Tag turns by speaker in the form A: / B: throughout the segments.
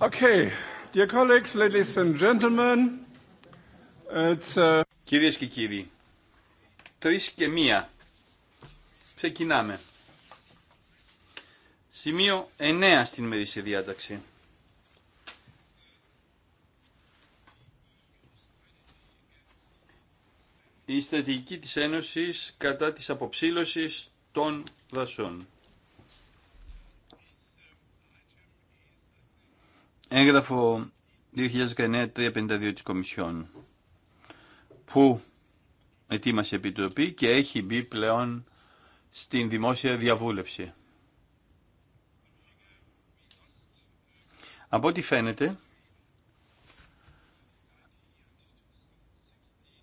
A: Okay, dear colleagues, ladies and
B: gentlemen, it's a... Uh, Κυρίες και κύριοι, τρεις και μία. Ξεκινάμε. Σημείο 9 στην μερίσια διάταξη. Η στρατηγική της Ένωσης κατά της αποψήλωσης των δασών. έγγραφο 2019-352 της Κομισιόν που ετοίμασε η Επιτροπή και έχει μπει πλέον στην δημόσια διαβούλευση. Από ό,τι φαίνεται,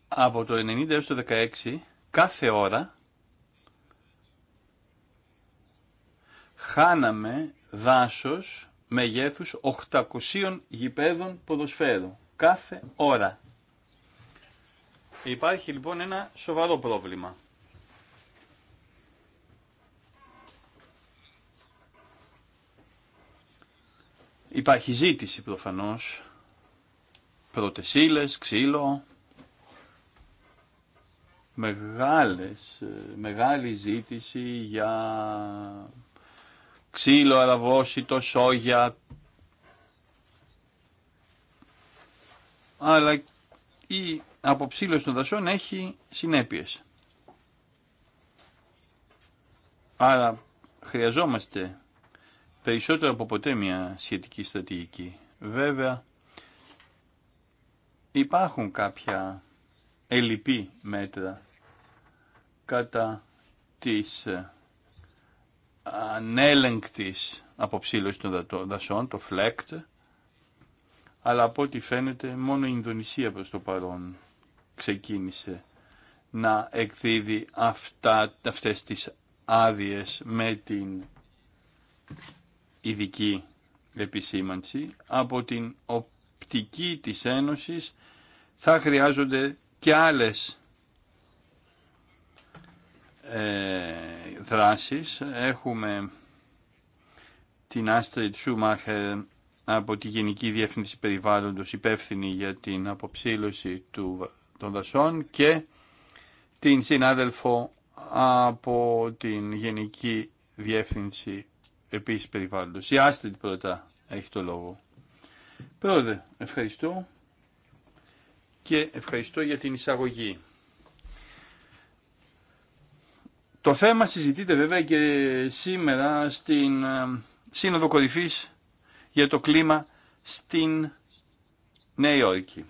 B: από το 90 έως το 16, κάθε ώρα χάναμε δάσος μεγέθους 800 γηπέδων ποδοσφαίρου κάθε ώρα. Υπάρχει λοιπόν ένα σοβαρό πρόβλημα. Υπάρχει ζήτηση προφανώς, πρωτεσίλες, ξύλο, μεγάλες, ε, μεγάλη ζήτηση για ξύλο, το σόγια. Αλλά η αποψήλωση των δασών έχει συνέπειες. Άρα χρειαζόμαστε περισσότερο από ποτέ μια σχετική στρατηγική. Βέβαια υπάρχουν κάποια ελλειπή μέτρα κατά της ε, ανέλεγκτης αποψήλωσης των δασών, το φλέκτ, αλλά από ό,τι φαίνεται μόνο η Ινδονησία προς το παρόν ξεκίνησε να εκδίδει αυτά, αυτές τις άδειες με την ειδική επισήμανση. Από την οπτική της Ένωσης θα χρειάζονται και άλλες ε, δράσεις. Έχουμε την Άστριτ Σούμαχερ από τη Γενική Διεύθυνση Περιβάλλοντος υπεύθυνη για την αποψήλωση του, των δασών και την συνάδελφο από την Γενική Διεύθυνση επίσης Περιβάλλοντος. Η Άστριτ πρώτα έχει το λόγο. Πρόεδρε, ευχαριστώ και ευχαριστώ για την εισαγωγή. Το θέμα συζητείται βέβαια και σήμερα στην ε, Σύνοδο Κορυφής για το κλίμα στην Νέα Υόρκη.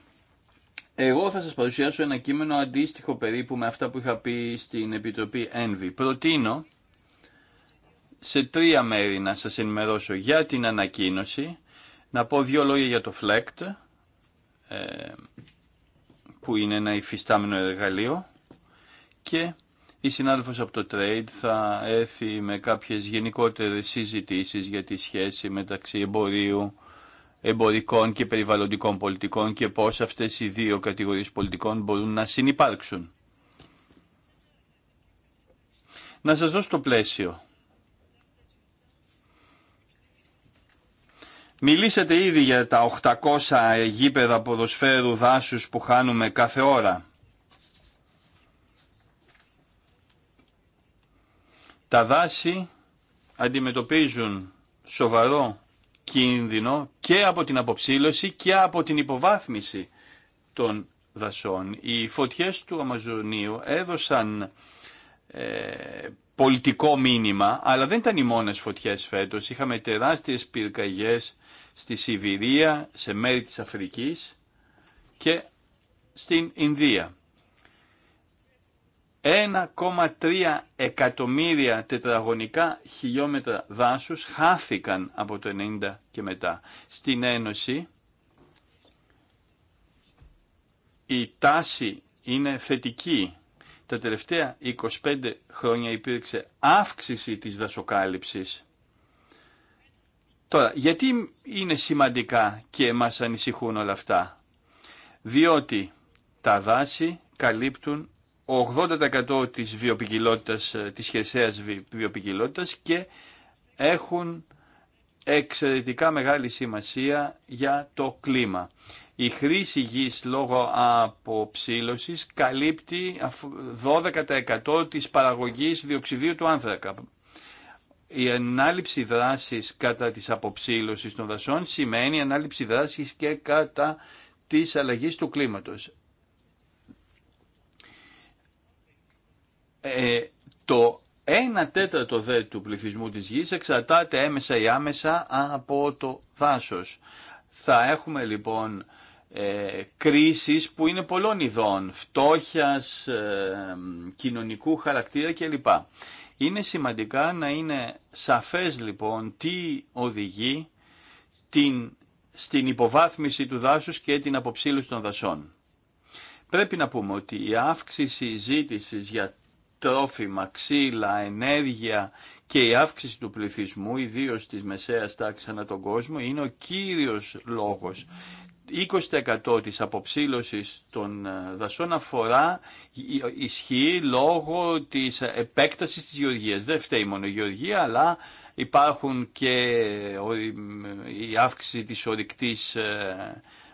B: Εγώ θα σας παρουσιάσω ένα κείμενο αντίστοιχο περίπου με αυτά που είχα πει στην Επιτροπή Envy. Προτείνω σε τρία μέρη να σας ενημερώσω για την ανακοίνωση, να πω δύο λόγια για το FLECT, ε, που είναι ένα υφιστάμενο εργαλείο, και η συνάδελφος από το Trade θα έρθει με κάποιες γενικότερες συζητήσεις για τη σχέση μεταξύ εμπορίου, εμπορικών και περιβαλλοντικών πολιτικών και πώς αυτές οι δύο κατηγορίες πολιτικών μπορούν να συνυπάρξουν. Να σας δώσω το πλαίσιο. Μιλήσατε ήδη για τα 800 γήπεδα ποδοσφαίρου δάσους που χάνουμε κάθε ώρα. Τα δάση αντιμετωπίζουν σοβαρό κίνδυνο και από την αποψήλωση και από την υποβάθμιση των δασών. Οι φωτιές του Αμαζονίου έδωσαν ε, πολιτικό μήνυμα, αλλά δεν ήταν οι μόνες φωτιές φέτος. Είχαμε τεράστιες πυρκαγιές στη Σιβηρία, σε μέρη της Αφρικής και στην Ινδία. 1,3 εκατομμύρια τετραγωνικά χιλιόμετρα δάσους χάθηκαν από το 90 και μετά. Στην Ένωση η τάση είναι θετική. Τα τελευταία 25 χρόνια υπήρξε αύξηση της δασοκάλυψης. Τώρα, γιατί είναι σημαντικά και μας ανησυχούν όλα αυτά. Διότι τα δάση καλύπτουν 80% της βιοπικιλότητας, ε, της χερσαίας βιοπικιλότητας και έχουν εξαιρετικά μεγάλη σημασία για το κλίμα. Η χρήση γης λόγω αποψήλωσης καλύπτει 12% της παραγωγής διοξιδίου του άνθρακα. Η ανάληψη δράσης κατά της αποψήλωσης των δασών σημαίνει ανάληψη δράσης και κατά της αλλαγής του κλίματος. Ε, το 1 τέταρτο δε του πληθυσμού της γης εξαρτάται έμεσα ή άμεσα από το δάσος. Θα έχουμε λοιπόν ε, κρίσεις που είναι πολλών ειδών, φτώχειας, ε, κοινωνικού χαρακτήρα κλπ. Είναι σημαντικά να είναι σαφές λοιπόν τι οδηγεί την, στην υποβάθμιση του δάσους και την αποψήλωση των δασών. Πρέπει να πούμε ότι η αύξηση ζήτησης για τρόφιμα, ξύλα, ενέργεια και η αύξηση του πληθυσμού, ιδίως της μεσαίας τάξης ανά τον κόσμο, είναι ο κύριος λόγος. 20% της αποψήλωσης των ε, δασών αφορά ε, ισχύει λόγω της επέκτασης της γεωργίας. Δεν φταίει μόνο η γεωργία, αλλά υπάρχουν και ε, η αύξηση της ορυκτής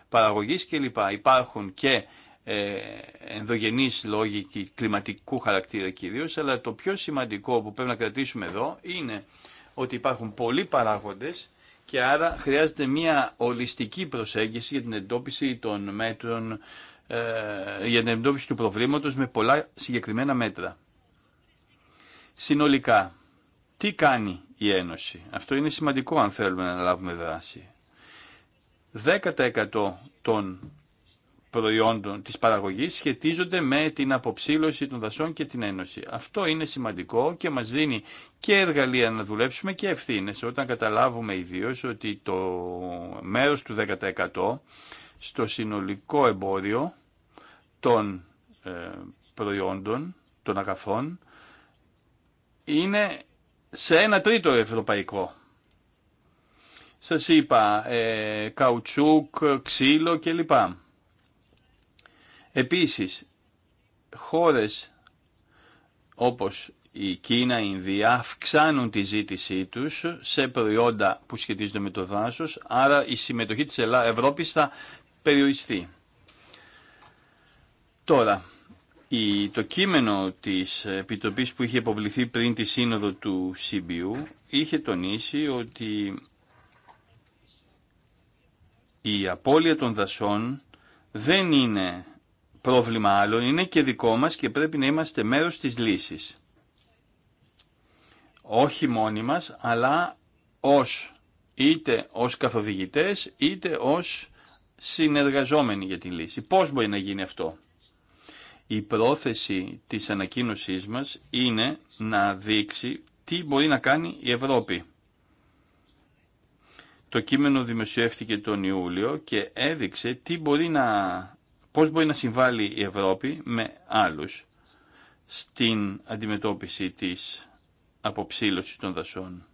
B: παραγωγής κλπ. Υπάρχουν και ε, ενδογενείς λόγοι κλιματικού χαρακτήρα κυρίω, αλλά το πιο σημαντικό που πρέπει να κρατήσουμε εδώ είναι ότι υπάρχουν πολλοί παράγοντες και άρα χρειάζεται μια ολιστική προσέγγιση για την εντόπιση των μέτρων, ε, για την εντόπιση του προβλήματος με πολλά συγκεκριμένα μέτρα. Συνολικά, τι κάνει η Ένωση. Αυτό είναι σημαντικό αν θέλουμε να λάβουμε δράση. 10% των προϊόντων της παραγωγής σχετίζονται με την αποψήλωση των δασών και την ένωση. Αυτό είναι σημαντικό και μας δίνει και εργαλεία να δουλέψουμε και ευθύνες όταν καταλάβουμε ιδίω ότι το μέρος του 10% στο συνολικό εμπόριο των ε, προϊόντων, των αγαθών, είναι σε ένα τρίτο ευρωπαϊκό. Σας είπα, ε, καουτσούκ, ξύλο κλπ. Επίσης, χώρες όπως η Κίνα, η Ινδία αυξάνουν τη ζήτησή τους σε προϊόντα που σχετίζονται με το δάσος, άρα η συμμετοχή της Ευρώπης θα περιοριστεί. Τώρα, το κείμενο της Επιτροπής που είχε υποβληθεί πριν τη σύνοδο του ΣΥΜΠΙΟΥ είχε τονίσει ότι η απώλεια των δασών δεν είναι πρόβλημα άλλων, είναι και δικό μας και πρέπει να είμαστε μέρος της λύσης. Όχι μόνοι μας, αλλά ως, είτε ως καθοδηγητές, είτε ως συνεργαζόμενοι για τη λύση. Πώς μπορεί να γίνει αυτό. Η πρόθεση της ανακοίνωσής μας είναι να δείξει τι μπορεί να κάνει η Ευρώπη. Το κείμενο δημοσιεύτηκε τον Ιούλιο και έδειξε τι μπορεί να πώς μπορεί να συμβάλλει η Ευρώπη με άλλους στην αντιμετώπιση της αποψήλωσης των δασών.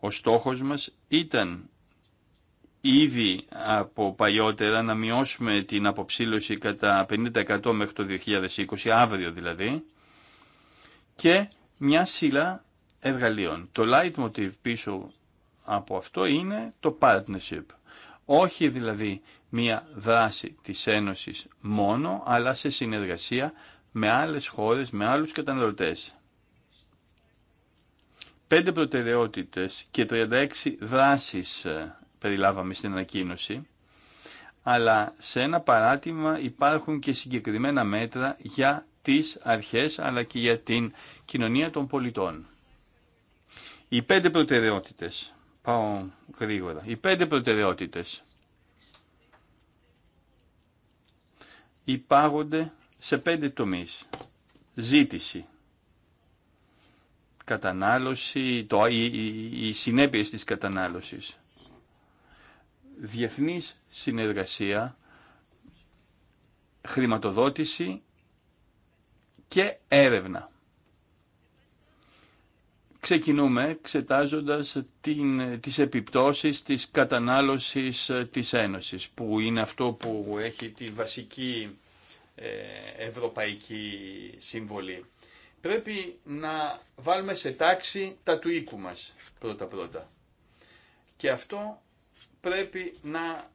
B: Ο στόχος μας ήταν ήδη από παλιότερα να μειώσουμε την αποψήλωση κατά 50% μέχρι το 2020, αύριο δηλαδή, και μια σειρά εργαλείων. Το light motive πίσω από αυτό είναι το partnership. Όχι δηλαδή μία δράση της Ένωσης μόνο, αλλά σε συνεργασία με άλλες χώρες, με άλλους καταναλωτές. Πέντε προτεραιότητες και 36 δράσεις ε, περιλάβαμε στην ανακοίνωση, αλλά σε ένα παράτημα υπάρχουν και συγκεκριμένα μέτρα για τις αρχές αλλά και για την κοινωνία των πολιτών. Οι πέντε προτεραιότητες πάω Οι πέντε προτεραιότητες υπάγονται σε πέντε τομείς. Ζήτηση, κατανάλωση, το, οι, οι, οι συνέπειες της κατανάλωσης, διεθνής συνεργασία, χρηματοδότηση και έρευνα ξεκινούμε εξετάζοντας την, τις επιπτώσεις της κατανάλωσης ε, της Ένωσης, που είναι αυτό που έχει τη βασική ε, ευρωπαϊκή συμβολή. Πρέπει να βάλουμε σε τάξη τα του οίκου μας πρώτα-πρώτα. Και αυτό πρέπει να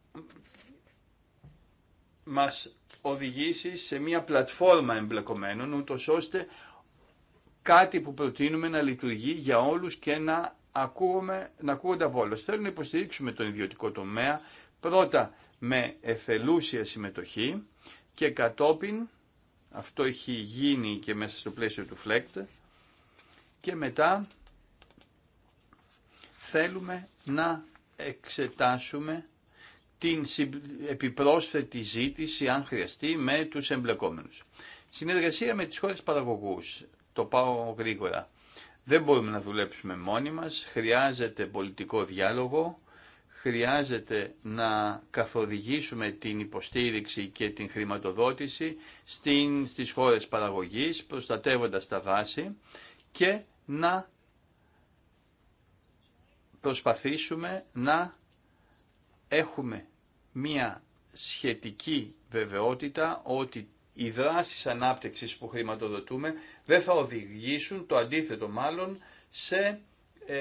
B: μας οδηγήσει σε μια πλατφόρμα εμπλεκομένων, ούτως ώστε κάτι που προτείνουμε να λειτουργεί για όλους και να, ακούγουμε, να ακούγονται από όλους. Θέλουμε να υποστηρίξουμε τον ιδιωτικό τομέα πρώτα με εθελούσια συμμετοχή και κατόπιν, αυτό έχει γίνει και μέσα στο πλαίσιο του ΦΛΕΚΤ, και μετά θέλουμε να εξετάσουμε την επιπρόσθετη ζήτηση, αν χρειαστεί, με τους εμπλεκόμενους. Συνεργασία με τις χώρες παραγωγούς το πάω γρήγορα. Δεν μπορούμε να δουλέψουμε μόνοι μας, χρειάζεται πολιτικό διάλογο, χρειάζεται να καθοδηγήσουμε την υποστήριξη και την χρηματοδότηση στην, στις χώρες παραγωγής, προστατεύοντας τα δάση και να προσπαθήσουμε να έχουμε μία σχετική βεβαιότητα ότι οι δράσει ανάπτυξη που χρηματοδοτούμε δεν θα οδηγήσουν το αντίθετο μάλλον σε ε,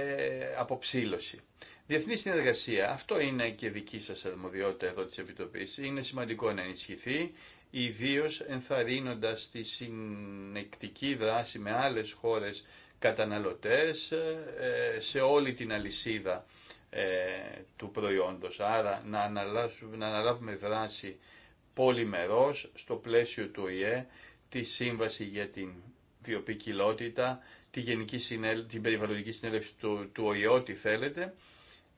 B: αποψήλωση. Διεθνή συνεργασία, αυτό είναι και δική σας αρμοδιότητα εδώ τη επιτροπή. Είναι σημαντικό να ενισχυθεί, ιδίω ενθαρρύνοντας τη συνεκτική δράση με άλλες χώρες καταναλωτές ε, σε όλη την αλυσίδα ε, του προϊόντος. Άρα να αναλάβουμε δράση πολυμερός στο πλαίσιο του ΟΗΕ, τη Σύμβαση για την Βιοποικιλότητα, τη Γενική την Περιβαλλοντική Συνέλευση του, του ΟΗΕ, ό,τι θέλετε,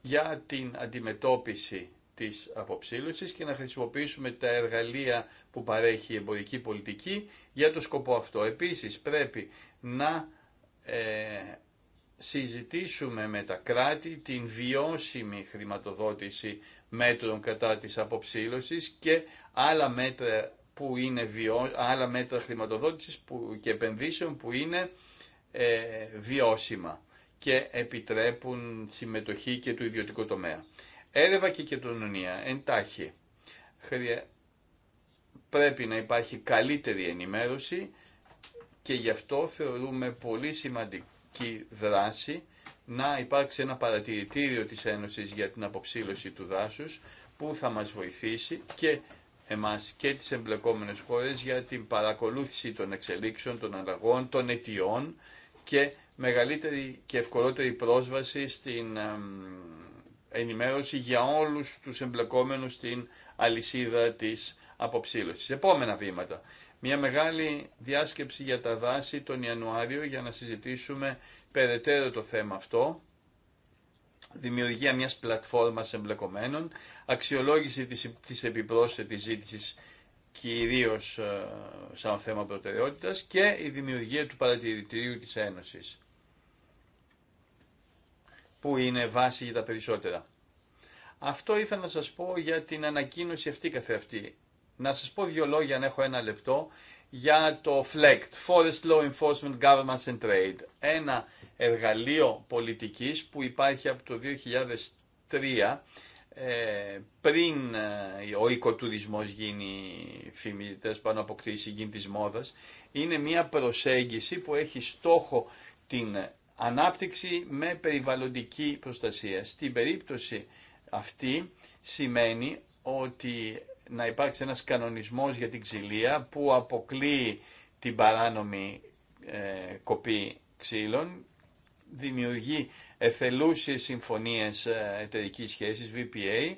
B: για την αντιμετώπιση της αποψήλωσης και να χρησιμοποιήσουμε τα εργαλεία που παρέχει η εμπορική πολιτική για το σκοπό αυτό. Επίσης πρέπει να ε, συζητήσουμε με τα κράτη την βιώσιμη χρηματοδότηση μέτρων κατά της αποψήλωσης και άλλα μέτρα, που είναι βιώ... άλλα μέτρα χρηματοδότησης που... και επενδύσεων που είναι ε, βιώσιμα και επιτρέπουν συμμετοχή και του ιδιωτικού τομέα. Έρευα και κοινωνία εντάχει. Πρέπει να υπάρχει καλύτερη ενημέρωση και γι' αυτό θεωρούμε πολύ σημαντική δράση να υπάρξει ένα παρατηρητήριο της Ένωσης για την αποψήλωση του δάσους που θα μας βοηθήσει και εμάς και τις εμπλεκόμενες χώρες για την παρακολούθηση των εξελίξεων, των αλλαγών, των αιτιών και μεγαλύτερη και ευκολότερη πρόσβαση στην ενημέρωση για όλους τους εμπλεκόμενους στην αλυσίδα της αποψήλωσης. Επόμενα βήματα. Μια μεγάλη διάσκεψη για τα δάση τον Ιανουάριο για να συζητήσουμε περαιτέρω το θέμα αυτό, δημιουργία μιας πλατφόρμας εμπλεκομένων, αξιολόγηση της, της επιπρόσθετης ζήτησης κυρίως ε, σαν θέμα προτεραιότητας και η δημιουργία του παρατηρητηρίου της Ένωσης, που είναι βάση για τα περισσότερα. Αυτό ήθελα να σας πω για την ανακοίνωση αυτή καθεαυτή. Να σας πω δύο λόγια αν έχω ένα λεπτό για το FLECT, Forest Law Enforcement Governments and Trade, ένα εργαλείο πολιτικής που υπάρχει από το 2003 ε, πριν ε, ο οικοτουρισμός γίνει φημίτες πάνω από κτήση γίνει της μόδας, είναι μια προσέγγιση που έχει στόχο την ανάπτυξη με περιβαλλοντική προστασία. Στην περίπτωση αυτή σημαίνει ότι να υπάρξει ένας κανονισμός για την ξυλία που αποκλείει την παράνομη ε, κοπή ξύλων, δημιουργεί εθελούσιες συμφωνίες ε, εταιρικής σχέσης, VPA,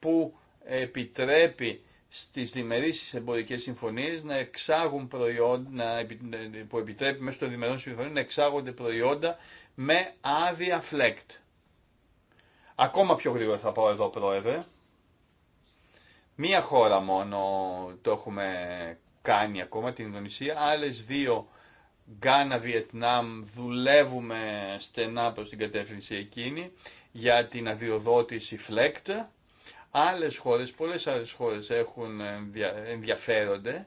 B: που επιτρέπει στις διμερίσεις εμπορικές συμφωνίες να εξάγουν προϊόντα, που επιτρέπει μέσω των διμερών συμφωνίων να εξάγονται προϊόντα με άδεια φλεκτ. Ακόμα πιο γρήγορα θα πάω εδώ, Πρόεδρε. Μία χώρα μόνο το έχουμε κάνει ακόμα, την Ινδονησία. Άλλες δύο, Γκάνα, Βιετνάμ, δουλεύουμε στενά προς την κατεύθυνση εκείνη για την αδειοδότηση FLECT. Άλλες χώρες, πολλές άλλες χώρες έχουν, ενδιαφέρονται.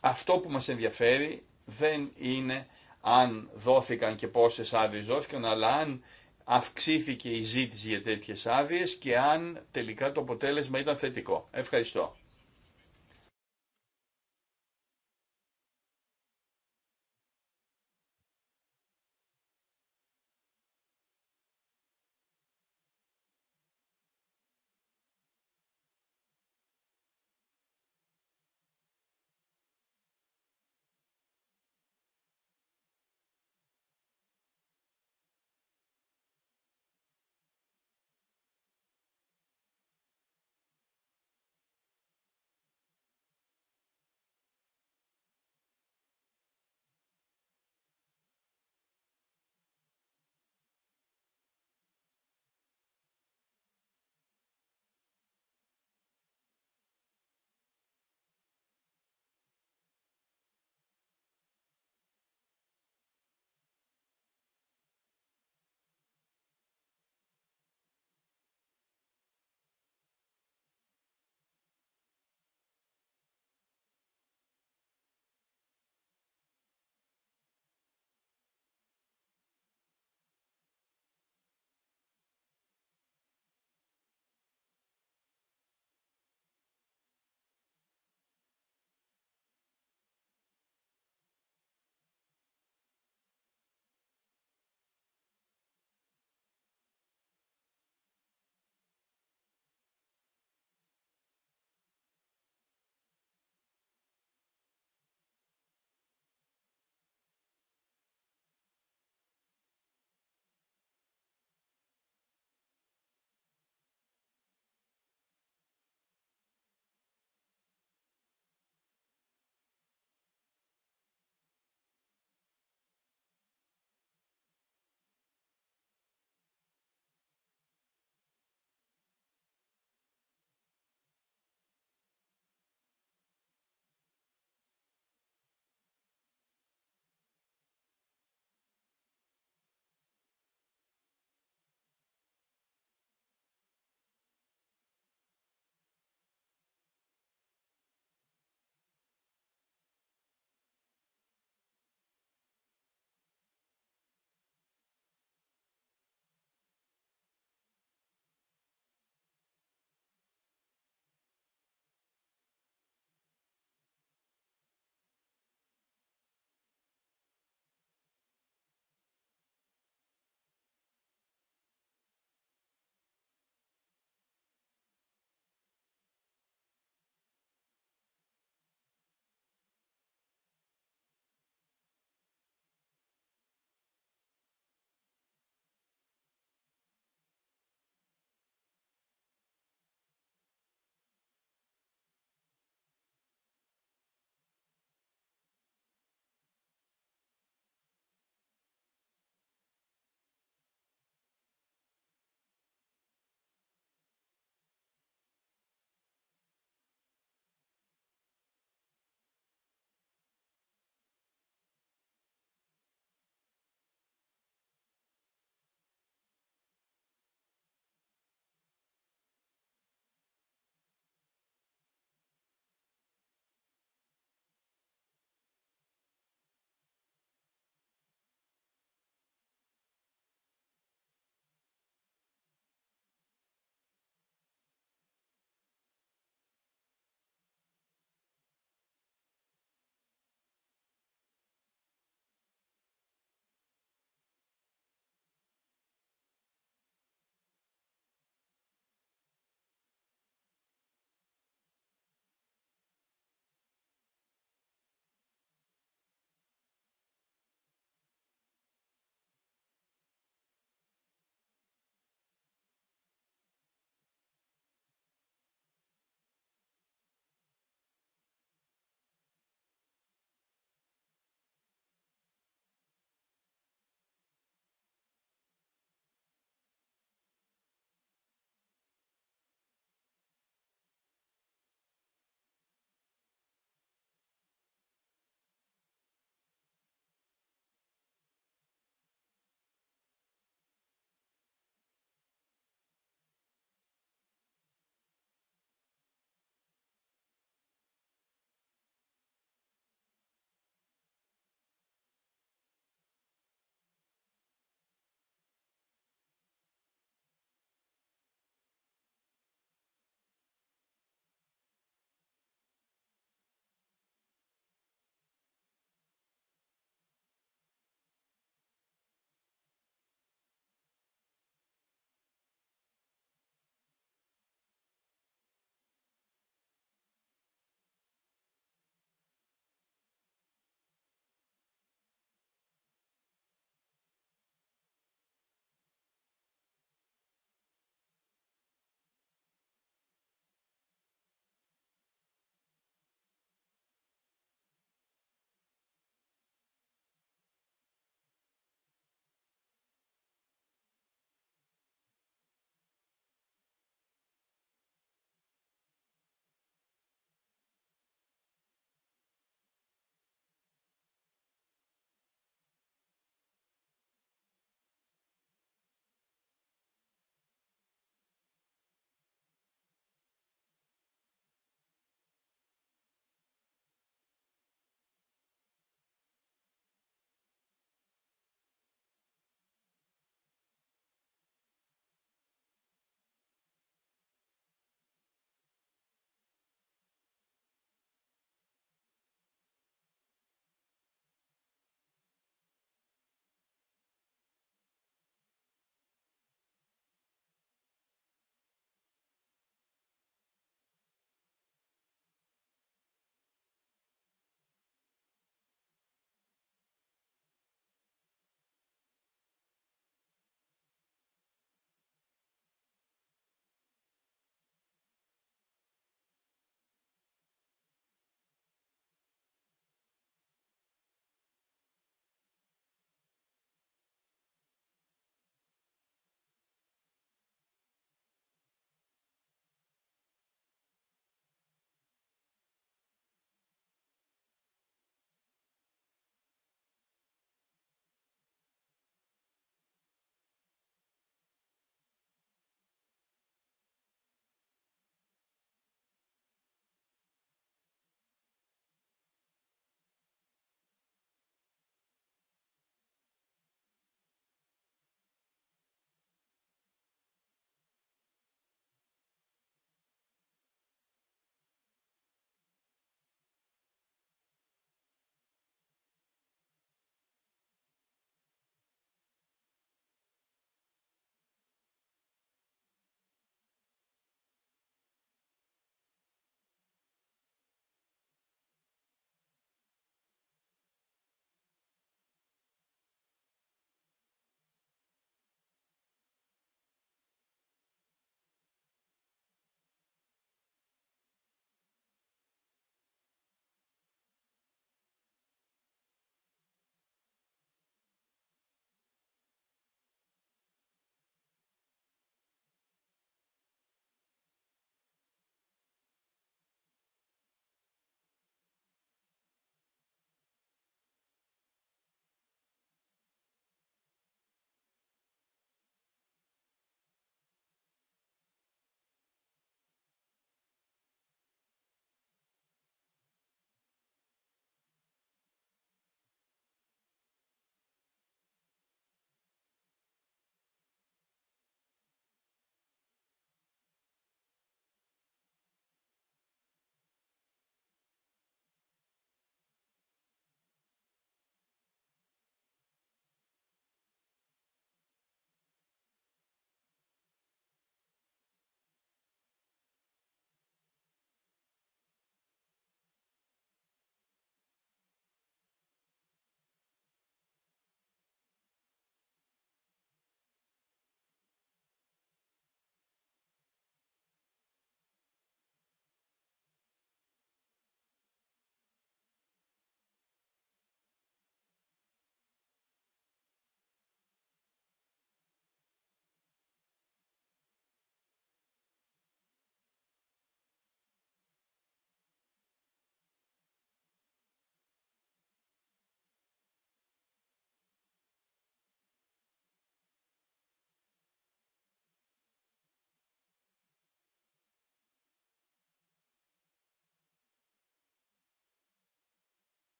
B: Αυτό που μας ενδιαφέρει δεν είναι αν δόθηκαν και πόσες άδειες δόθηκαν, αλλά αν αυξήθηκε η ζήτηση για τέτοιες άδειες και αν τελικά το αποτέλεσμα ήταν θετικό. Ευχαριστώ.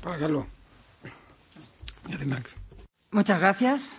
A: Παρακαλώ.
C: Για την gracias.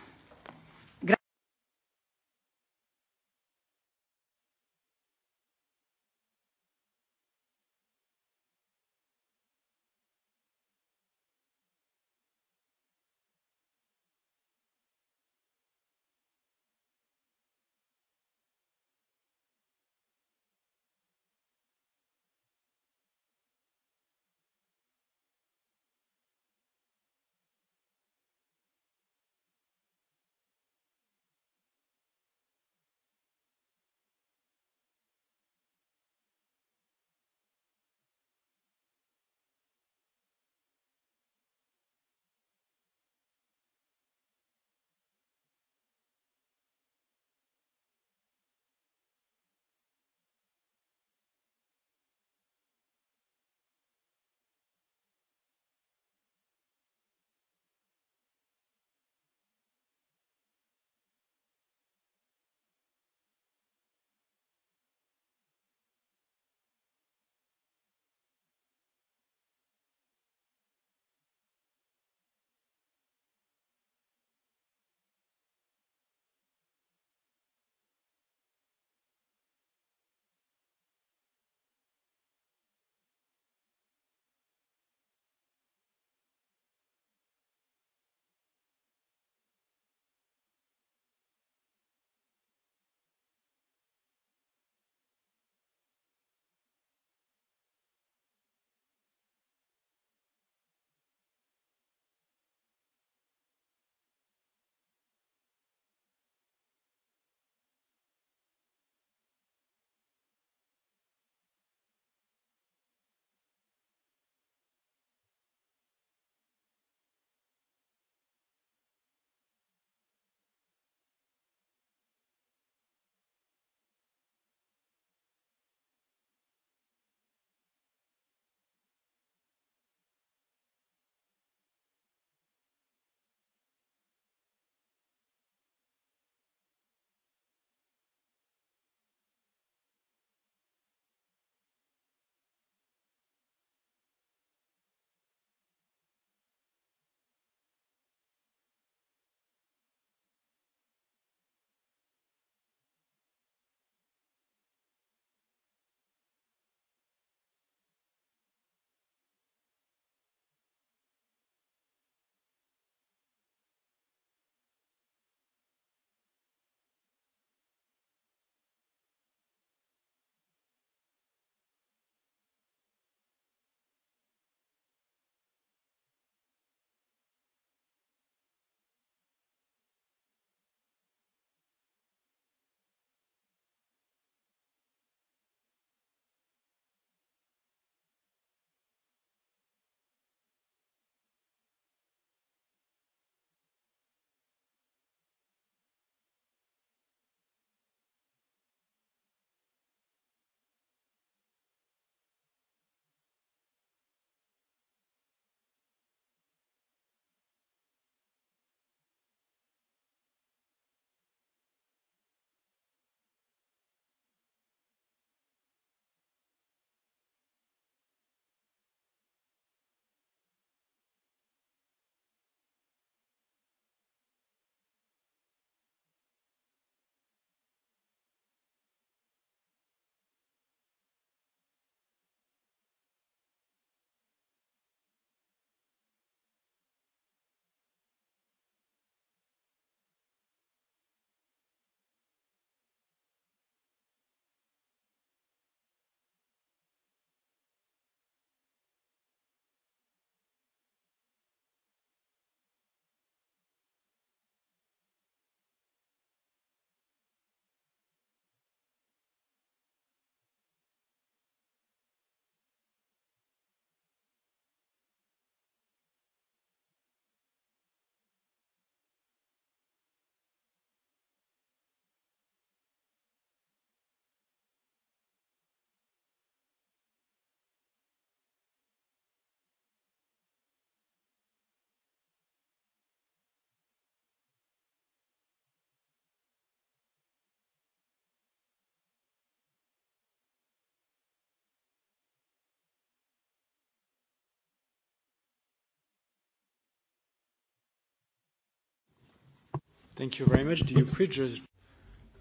A: Thank you very much.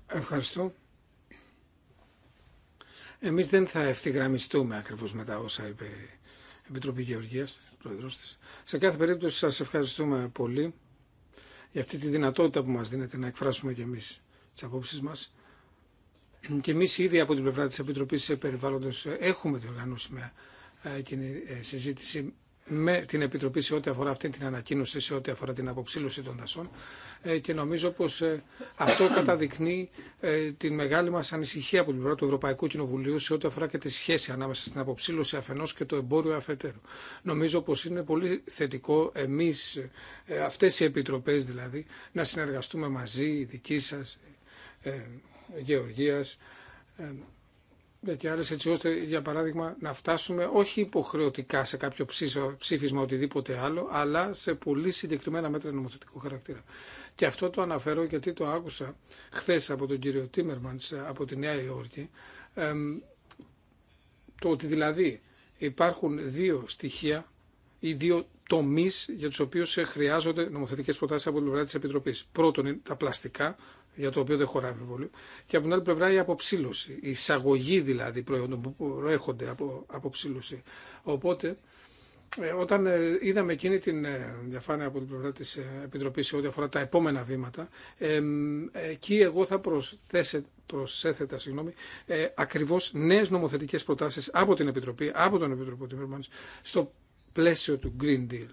A: Ευχαριστώ. Εμείς δεν θα ευθυγραμμιστούμε ακριβώς με τα όσα είπε η Επιτροπή Γεωργίας, πρόεδρος της. Σε κάθε περίπτωση σας ευχαριστούμε πολύ για αυτή τη δυνατότητα που μας δίνετε να εκφράσουμε και εμείς τις απόψεις μας. Και εμείς ήδη από την πλευρά της Επιτροπής Περιβάλλοντος έχουμε διοργανώσει μια ε, ε, συζήτηση με την Επιτροπή σε ό,τι αφορά αυτή την ανακοίνωση, σε ό,τι αφορά την αποψήλωση των δασών ε, και νομίζω πως ε, αυτό καταδεικνύει ε, την μεγάλη μας ανησυχία από την πλευρά του Ευρωπαϊκού Κοινοβουλίου σε ό,τι αφορά και τη σχέση ανάμεσα στην αποψήλωση αφενός και το εμπόριο αφετέρου. Νομίζω πως είναι πολύ θετικό εμείς, αυτέ οι επιτροπέ, δηλαδή, να συνεργαστούμε μαζί, η δική σας, Γεωργίας, και άλλες έτσι ώστε για παράδειγμα να φτάσουμε όχι υποχρεωτικά σε κάποιο ψήφισμα οτιδήποτε άλλο αλλά σε πολύ συγκεκριμένα μέτρα νομοθετικού χαρακτήρα. Και αυτό το αναφέρω γιατί το άκουσα χθε από τον κύριο Τίμερμαντς από τη Νέα Υόρκη το ότι δηλαδή υπάρχουν δύο στοιχεία ή δύο τομεί για του οποίου ε, χρειάζονται νομοθετικέ προτάσει από την πλευρά τη Επιτροπή. Πρώτον, τα πλαστικά, για το οποίο δεν χωράει εμβολίο. Και από την άλλη πλευρά η αποψήλωση, η εισαγωγή δηλαδή προϊόντων που προέρχονται από αποψήλωση. Οπότε, ε, όταν ε, είδαμε εκείνη την διαφάνεια από την πλευρά της Επιτροπής σε ό,τι αφορά τα επόμενα βήματα, εκεί εγώ θα προσθέσε, προσέθετα συγγνώμη, ακριβώς νέες νομοθετικές προτάσεις από την Επιτροπή, από τον Επιτροπή. στο πλαίσιο του Green Deal.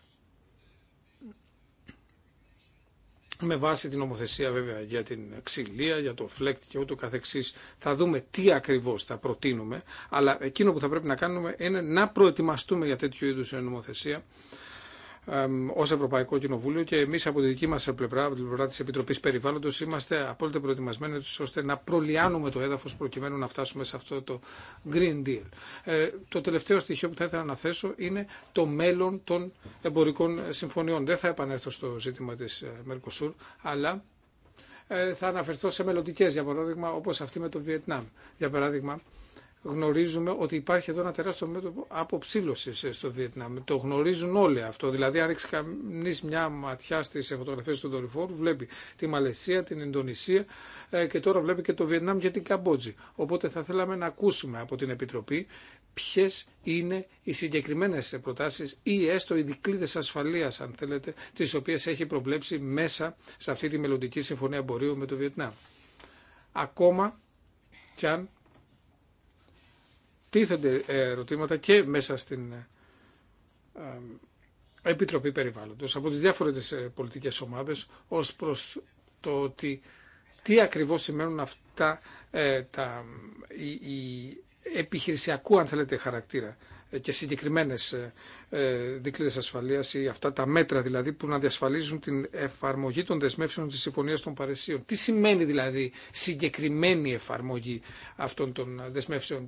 A: με βάση την νομοθεσία βέβαια για την ξυλία, για το φλέκτ και ούτω καθεξής θα δούμε τι ακριβώς θα προτείνουμε αλλά εκείνο που θα πρέπει να κάνουμε είναι να προετοιμαστούμε για τέτοιου είδους νομοθεσία ως Ευρωπαϊκό Κοινοβούλιο και εμείς από τη δική μας πλευρά, από την πλευρά της Επιτροπής Περιβάλλοντος, είμαστε απόλυτα προετοιμασμένοι ώστε να προλιάνουμε το έδαφος προκειμένου να φτάσουμε σε αυτό το Green Deal. Ε, το τελευταίο στοιχείο που θα ήθελα να θέσω είναι το μέλλον των εμπορικών συμφωνιών. Δεν θα επανέλθω στο ζήτημα της Μερκοσούρ, αλλά ε, θα αναφερθώ σε μελλοντικέ, για παράδειγμα, όπως αυτή με το Βιετνάμ. Για παράδειγμα, γνωρίζουμε ότι υπάρχει εδώ ένα τεράστιο μέτωπο αποψήλωση στο Βιετνάμ. Το γνωρίζουν όλοι αυτό. Δηλαδή, αν ρίξει κανεί μια ματιά στι φωτογραφίε του δορυφόρου, βλέπει τη Μαλαισία, την Ινδονησία ε, και τώρα βλέπει και το Βιετνάμ και την Καμπότζη. Οπότε θα θέλαμε να ακούσουμε από την Επιτροπή ποιε είναι οι συγκεκριμένε προτάσει ή έστω οι δικλείδε ασφαλεία, αν θέλετε, τι οποίε έχει προβλέψει μέσα σε αυτή τη μελλοντική συμφωνία εμπορίου με το Βιετνάμ. Ακόμα κι αν τίθενται ε, ερωτήματα και μέσα στην ε, ε, Επιτροπή Περιβάλλοντος από τις διάφορες πολιτικές ομάδες ως προς το ότι τι ακριβώς σημαίνουν αυτά τα, επιχειρησιακού αν θέλετε χαρακτήρα ε, και συγκεκριμένες ε, ε, δικλείδες ασφαλείας ή αυτά τα μέτρα δηλαδή που να διασφαλίζουν την εφαρμογή των δεσμεύσεων της Συμφωνίας των Παρισίων. Τι σημαίνει δηλαδή συγκεκριμένη εφαρμογή αυτών των δεσμεύσεων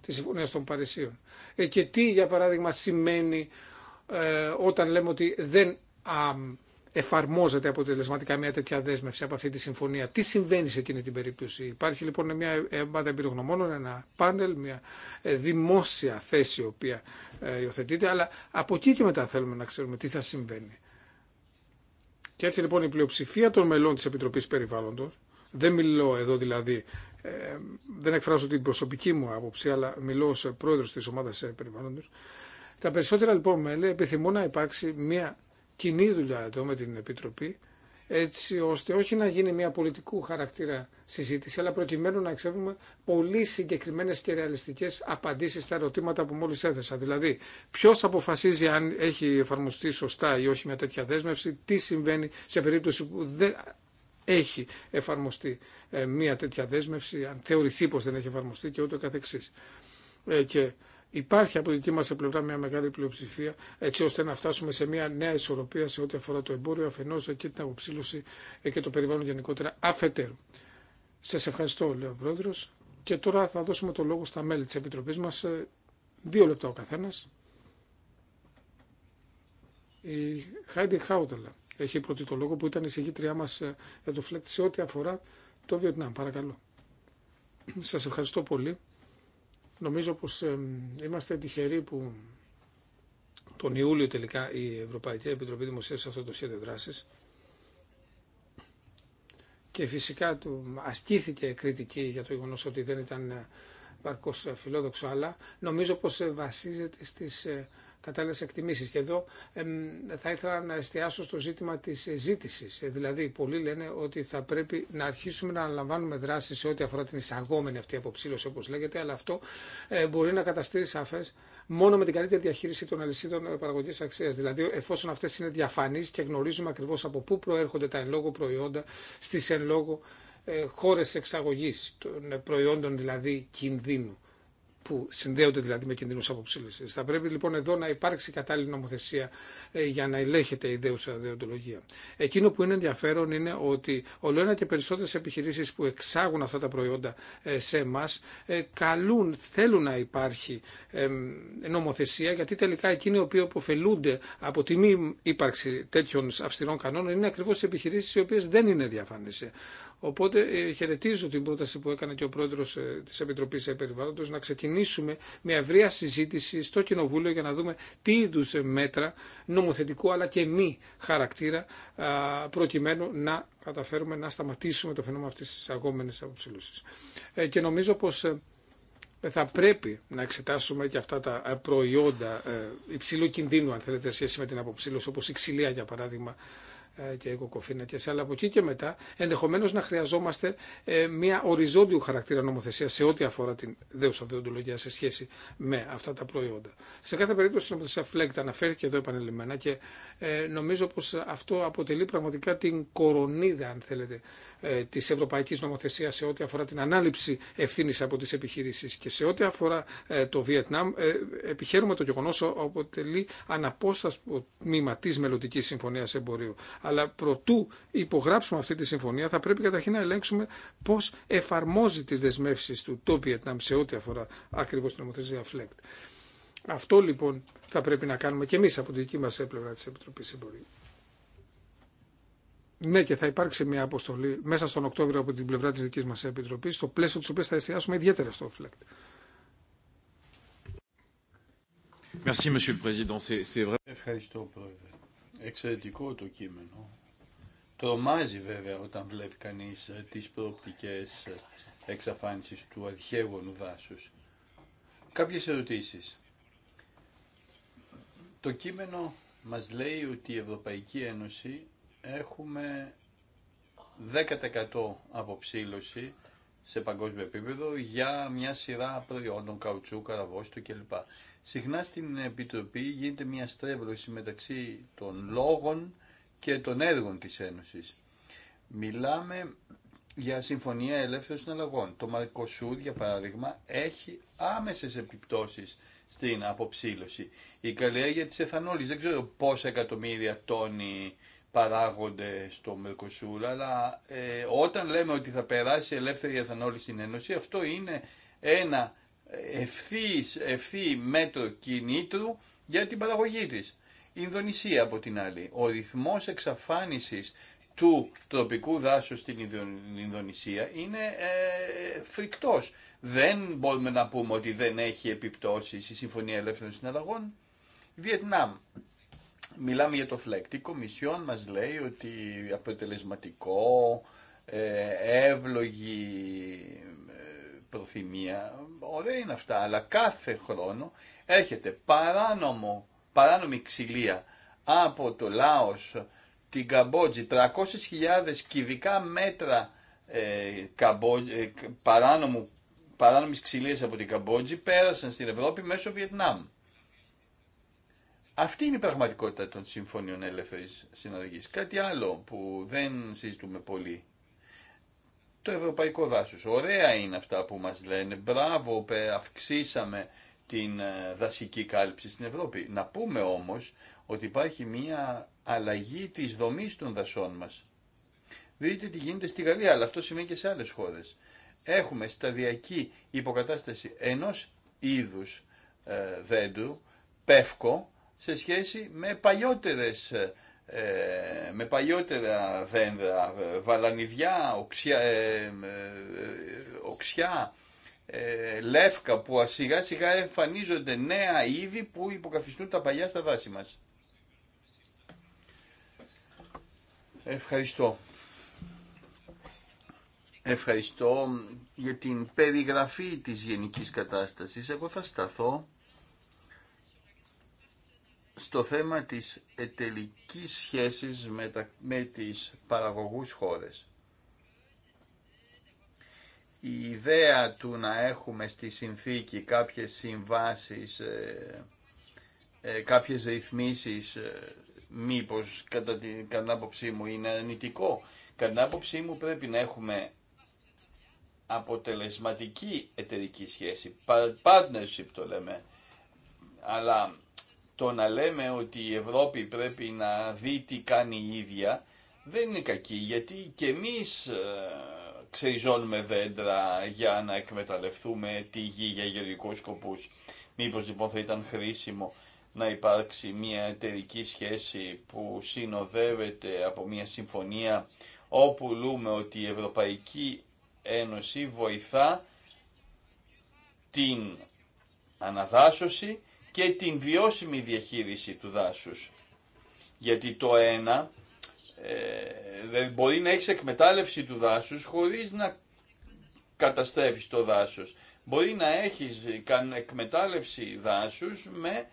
A: της Συμφωνίας των Παρισίων. Και τι για παράδειγμα σημαίνει όταν λέμε ότι δεν εφαρμόζεται αποτελεσματικά μια τέτοια δέσμευση από αυτή τη συμφωνία. Τι συμβαίνει σε εκείνη την περίπτωση. Υπάρχει λοιπόν μια ομάδα εμπειρογνωμόνων, ένα πάνελ, μια ε, δημόσια θέση η οποία ε, υιοθετείται, αλλά από εκεί και μετά θέλουμε να ξέρουμε τι θα συμβαίνει. Και έτσι λοιπόν η πλειοψηφία των μελών της Επιτροπής Περιβάλλοντος, δεν μιλώ εδώ δηλαδή, ε, δεν εκφράζω την προσωπική μου άποψη, αλλά μιλώ ως πρόεδρος της ομάδας περιβάλλοντος, τα περισσότερα λοιπόν μέλη επιθυμούν να υπάρξει μια κοινή δουλειά εδώ με την Επιτροπή, έτσι ώστε όχι να γίνει μια πολιτικού χαρακτήρα συζήτηση, αλλά προκειμένου να ξέρουμε πολύ συγκεκριμένε και ρεαλιστικέ απαντήσει στα ερωτήματα που μόλι έθεσα. Δηλαδή, ποιο αποφασίζει αν έχει εφαρμοστεί σωστά ή όχι μια τέτοια δέσμευση, τι συμβαίνει σε περίπτωση που δεν έχει εφαρμοστεί ε, μια τέτοια δέσμευση, αν θεωρηθεί πως δεν έχει εφαρμοστεί και ούτω καθεξής. Ε, και υπάρχει από δική μας πλευρά μια μεγάλη πλειοψηφία έτσι ώστε να φτάσουμε σε μια νέα ισορροπία σε ό,τι αφορά το εμπόριο αφενός και την αποψήλωση ε, και το περιβάλλον γενικότερα αφετέρου. Σας ευχαριστώ, λέει ο Πρόεδρος. Και τώρα θα δώσουμε το λόγο στα μέλη της Επιτροπής μας. Ε, δύο λεπτά ο καθένας. Η Χάιντι Χάουτελα έχει πρώτη το λόγο που ήταν η συγγήτριά μας ε, για το φλέκτη σε ό,τι αφορά το Βιετνάμ. Παρακαλώ. Σας ευχαριστώ πολύ. Νομίζω πως είμαστε τυχεροί που τον Ιούλιο τελικά η Ευρωπαϊκή Επιτροπή δημοσίευσε αυτό το σχέδιο δράσης και φυσικά του ασκήθηκε κριτική για το γεγονό ότι δεν ήταν ε, παρκώς ε, φιλόδοξο, αλλά νομίζω πως ε, βασίζεται στις κατάλληλε εκτιμήσεις. Και εδώ θα ήθελα να εστιάσω στο ζήτημα της ζήτησης. Ε, δηλαδή, πολλοί λένε ότι θα πρέπει να αρχίσουμε να αναλαμβάνουμε δράσει σε ό,τι αφορά την εισαγόμενη αυτή αποψήλωση, όπω λέγεται, αλλά αυτό ε, μπορεί να καταστήρει σαφές μόνο με την καλύτερη διαχείριση των αλυσίδων ε, παραγωγή αξία. Δηλαδή, εφόσον αυτέ είναι διαφανεί και γνωρίζουμε ακριβώ από πού προέρχονται τα εν λόγω προϊόντα στι εν λόγω χώρε εξαγωγή των προϊόντων δηλαδή κινδύνου που συνδέονται δηλαδή με κινδύνους αποψήλωσης. Θα πρέπει λοιπόν εδώ να υπάρξει κατάλληλη νομοθεσία ε, για να ελέγχεται η δέουσα δεοντολογία. Εκείνο που είναι ενδιαφέρον είναι ότι ολοένα και περισσότερε επιχειρήσεις που εξάγουν αυτά τα προϊόντα ε, σε εμά ε, καλούν, θέλουν να υπάρχει νομοθεσία γιατί τελικά εκείνοι οι οποίοι αποφελούνται από τη μη ύπαρξη τέτοιων αυστηρών κανόνων είναι ακριβώς οι επιχειρήσεις οι οποίες δεν είναι διαφανείς. Οπότε ε, χαιρετίζω την πρόταση που έκανε και ο πρόεδρο ε, τη Επιτροπή Περιβάλλοντο να ξεκινήσουμε μια ευρεία συζήτηση στο Κοινοβούλιο για να δούμε τι είδου μέτρα νομοθετικού αλλά και μη χαρακτήρα προκειμένου να καταφέρουμε να σταματήσουμε το φαινόμενο αυτή τη αγόμενη αποψηλούση. Ε, και νομίζω πω θα πρέπει να εξετάσουμε και αυτά τα προϊόντα υψηλού κινδύνου, αν θέλετε, σχέση με την αποψήλωση, όπως η ξυλία, για παράδειγμα, ε, και οικοκοφίνα και σε άλλα από εκεί και μετά, ενδεχομένω να χρειαζόμαστε ε, μια οριζόντιου χαρακτήρα νομοθεσία σε ό,τι αφορά την δέουσα διοντολογία σε σχέση με αυτά τα προϊόντα. Σε κάθε περίπτωση η νομοθεσία FLEG τα αναφέρθηκε εδώ επανελειμμένα και ε, νομίζω πω αυτό αποτελεί πραγματικά την κορονίδα, αν θέλετε, ε, τη ευρωπαϊκή νομοθεσία σε ό,τι αφορά την ανάληψη ευθύνη από τι επιχειρήσει και σε ό,τι αφορά ε, το Βιετνάμ, ε, επιχαίρουμε το γεγονό αποτελεί αναπόσταστο τμήμα τη μελλοντική συμφωνία εμπορίου. Αλλά προτού υπογράψουμε αυτή τη συμφωνία, θα πρέπει καταρχήν να ελέγξουμε πώ εφαρμόζει τι δεσμεύσει του το Βιετνάμ σε ό,τι αφορά ακριβώ την νομοθεσία FLECT. Αυτό λοιπόν θα πρέπει να κάνουμε και εμεί από τη δική μα πλευρά τη Επιτροπή Εμπορίου. Ναι, και θα υπάρξει μια αποστολή μέσα στον Οκτώβριο από την πλευρά τη δική μα επιτροπή, στο πλαίσιο τη οποία θα εστιάσουμε ιδιαίτερα στο FLECT.
B: Ευχαριστώ, Πρόεδρε. Εξαιρετικό το κείμενο. Τρομάζει βέβαια όταν βλέπει κανείς ε, τις προοπτικές ε, εξαφάνισης του αρχαίου δάσους. Κάποιες ερωτήσεις. Το κείμενο μας λέει ότι η Ευρωπαϊκή Ένωση έχουμε 10% αποψήλωση σε παγκόσμιο επίπεδο για μια σειρά προϊόντων, καουτσού, καραβόστο κλπ. Συχνά στην Επιτροπή γίνεται μια στρέβλωση μεταξύ των λόγων και των έργων της Ένωσης. Μιλάμε για συμφωνία ελεύθερων συναλλαγών. Το Μαρκοσούρ, για παράδειγμα, έχει άμεσες επιπτώσεις στην αποψήλωση. Η καλλιέργεια της εθανόλης, δεν ξέρω πόσα εκατομμύρια τόνοι παράγονται στο Μερκοσούρ, αλλά ε, όταν λέμε ότι θα περάσει ελεύθερη Αθανόλη στην Ένωση, αυτό είναι ένα ευθύς, ευθύ μέτρο κινήτρου για την παραγωγή της. Η Ινδονησία από την άλλη. Ο ρυθμός εξαφάνισης του τροπικού δάσους στην Ινδονησία είναι ε, φρικτός. Δεν μπορούμε να πούμε ότι δεν έχει επιπτώσεις η Συμφωνία Ελεύθερων Συναλλαγών. Βιετνάμ. Μιλάμε για το φλεκτή. Η Κομισιόν μας λέει ότι αποτελεσματικό, ε, εύλογη ε, προθυμία, ωραία είναι αυτά, αλλά κάθε χρόνο έρχεται παράνομο, παράνομη ξυλία από το Λάος, την Καμπότζη, 300.000 κυβικά μέτρα ε, καμπο, ε, παράνομου, παράνομης ξυλίας από την Καμπότζη πέρασαν στην Ευρώπη μέσω Βιετνάμ. Αυτή είναι η πραγματικότητα των συμφωνιών ελεύθερης συναλλαγής. Κάτι άλλο που δεν συζητούμε πολύ. Το ευρωπαϊκό δάσος. Ωραία είναι αυτά που μας λένε. Μπράβο, αυξήσαμε την ε, δασική κάλυψη στην Ευρώπη. Να πούμε όμως ότι υπάρχει μία αλλαγή της δομής των δασών μας. Δείτε τι γίνεται στη Γαλλία, αλλά αυτό σημαίνει και σε άλλες χώρες. Έχουμε σταδιακή υποκατάσταση ενός είδους ε, δέντρου, πεύκο, σε σχέση με παλιότερες ε, με παλιότερα δέντρα, βαλανιδιά, οξιά, ε, ε, οξιά λεύκα που σιγά σιγά εμφανίζονται νέα είδη που υποκαθιστούν τα παλιά στα δάση μας. Ευχαριστώ. Ευχαριστώ για την περιγραφή της γενικής κατάστασης. Εγώ θα σταθώ στο θέμα της ετελικής σχέσης με, τα, με τις παραγωγούς χώρες. Η ιδέα του να έχουμε στη συνθήκη κάποιες συμβάσεις, ε, ε, κάποιες ρυθμίσεις, ε, μήπως κατά την, κατά άποψή μου είναι αρνητικό. Κατά την άποψή μου πρέπει να έχουμε αποτελεσματική εταιρική σχέση, partnership το λέμε, αλλά το να λέμε ότι η Ευρώπη πρέπει να δει τι κάνει η ίδια δεν είναι κακή γιατί και εμείς ε, ξεριζώνουμε δέντρα για να εκμεταλλευτούμε τη γη για γεωργικούς σκοπούς. Μήπως λοιπόν θα ήταν χρήσιμο να υπάρξει μια εταιρική σχέση που συνοδεύεται από μια συμφωνία όπου λούμε ότι η Ευρωπαϊκή Ένωση βοηθά την αναδάσωση και την βιώσιμη διαχείριση του δάσους. Γιατί το ένα ε, μπορεί να έχει εκμετάλλευση του δάσους χωρίς να καταστρέφεις το δάσος. Μπορεί να έχεις εκμετάλλευση δάσους με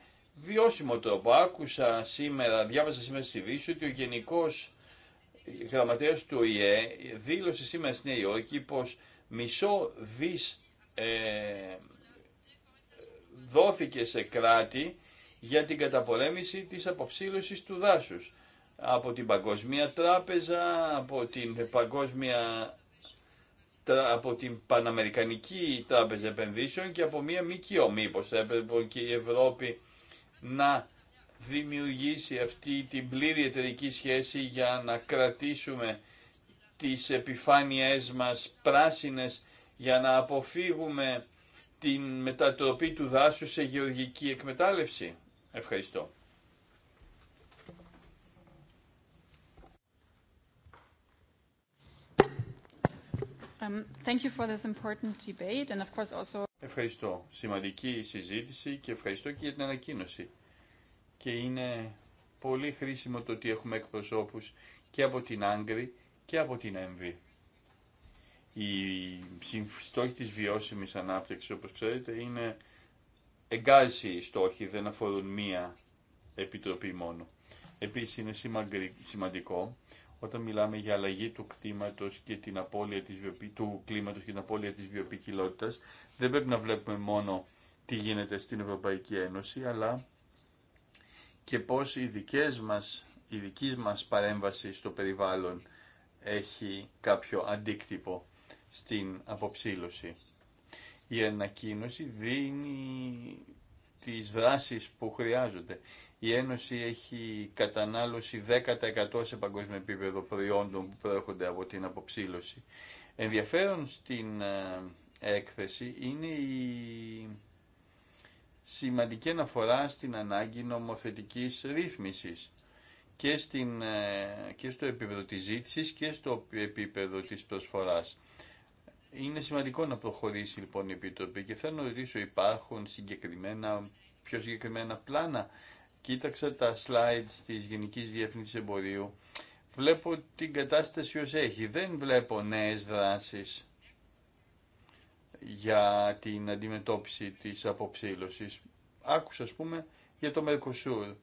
B: βιώσιμο τρόπο. Άκουσα σήμερα, διάβασα σήμερα στη Βύση ότι ο Γενικός Γραμματέας του ΟΗΕ δήλωσε σήμερα στη Νέα Υόρκη πως μισό δις ε, δόθηκε σε κράτη για την καταπολέμηση της αποψήλωσης του δάσους. Από την Παγκοσμία Τράπεζα, από την Παγκόσμια από την Παναμερικανική Τράπεζα Επενδύσεων και από μία ΜΚΟ. Μήπως έπρεπε και η Ευρώπη να δημιουργήσει αυτή την πλήρη εταιρική σχέση για να κρατήσουμε τις επιφάνειές μας πράσινες για να αποφύγουμε την μετατροπή του δάσου σε γεωργική εκμετάλλευση. Ευχαριστώ. Ευχαριστώ. Σημαντική συζήτηση και ευχαριστώ και για την ανακοίνωση. Και είναι πολύ χρήσιμο το ότι έχουμε εκπροσώπους και από την Άγκρη και από την ΕΜΒΗ. Οι στόχοι της βιώσιμης ανάπτυξης, όπως ξέρετε, είναι οι στόχοι, δεν αφορούν μία επιτροπή μόνο. Επίσης είναι σημαντικό όταν μιλάμε για αλλαγή του κλίματος και την απώλεια της, βιοπι... του κλίματος και την απώλεια της βιοποικιλότητας, δεν πρέπει να βλέπουμε μόνο τι γίνεται στην Ευρωπαϊκή Ένωση, αλλά και πώς οι μας, η δική μας παρέμβαση στο περιβάλλον έχει κάποιο αντίκτυπο στην αποψήλωση. Η ανακοίνωση δίνει τις δράσεις που χρειάζονται. Η Ένωση έχει κατανάλωση 10% σε παγκόσμιο επίπεδο προϊόντων που προέρχονται από την αποψήλωση. Ενδιαφέρον στην ε, έκθεση είναι η σημαντική αναφορά στην ανάγκη νομοθετικής ρύθμισης και, στην, ε, και στο επίπεδο της ζήτησης και στο επίπεδο της προσφοράς. Είναι σημαντικό να προχωρήσει λοιπόν η Επιτροπή και θέλω να ρωτήσω υπάρχουν συγκεκριμένα, πιο συγκεκριμένα πλάνα. Κοίταξα τα slides της Γενικής Διεύθυνσης Εμπορίου. Βλέπω την κατάσταση ως έχει. Δεν βλέπω νέες δράσεις για την αντιμετώπιση της αποψήλωσης. Άκουσα ας πούμε για το Mercosur.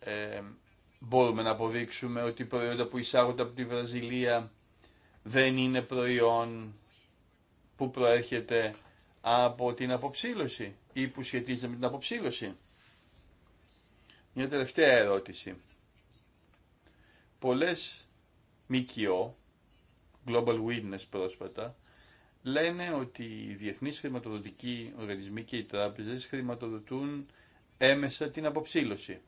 B: Ε, μπορούμε να αποδείξουμε ότι οι προϊόντα που εισάγονται από τη Βραζιλία δεν είναι προϊόν που προέρχεται από την αποψήλωση ή που σχετίζεται με την αποψήλωση. Μια τελευταία ερώτηση. Πολλές ΜΚΟ, Global Witness πρόσφατα, λένε ότι οι διεθνείς χρηματοδοτικοί οργανισμοί και οι τράπεζες χρηματοδοτούν έμεσα την αποψήλωση.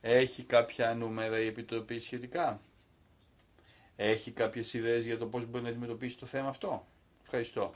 B: Έχει κάποια νούμερα η Επιτροπή σχετικά. Έχει κάποιες ιδέες για το πώς μπορεί να αντιμετωπίσει το θέμα αυτό. Ευχαριστώ.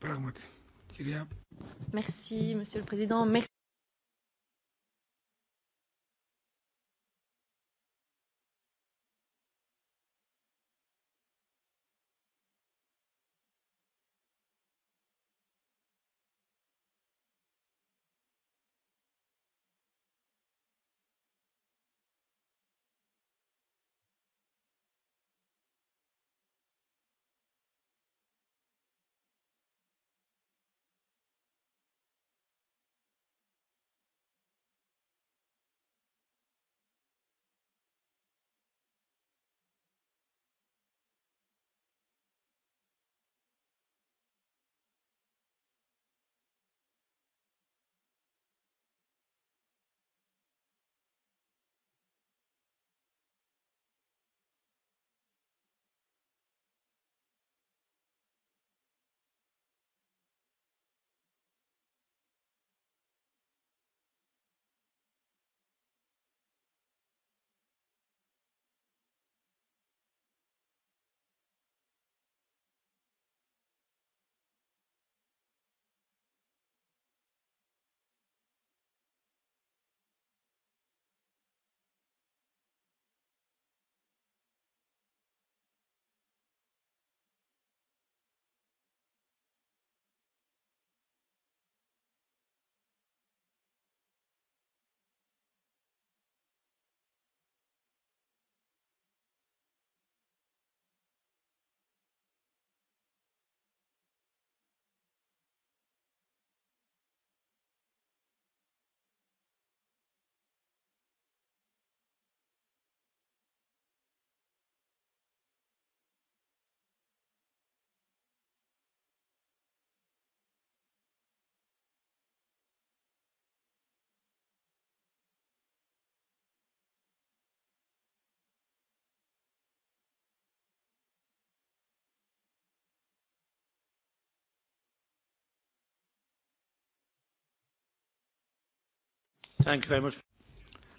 A: Πράγματι. Κυρία.
C: Merci, Monsieur le Président. Merci.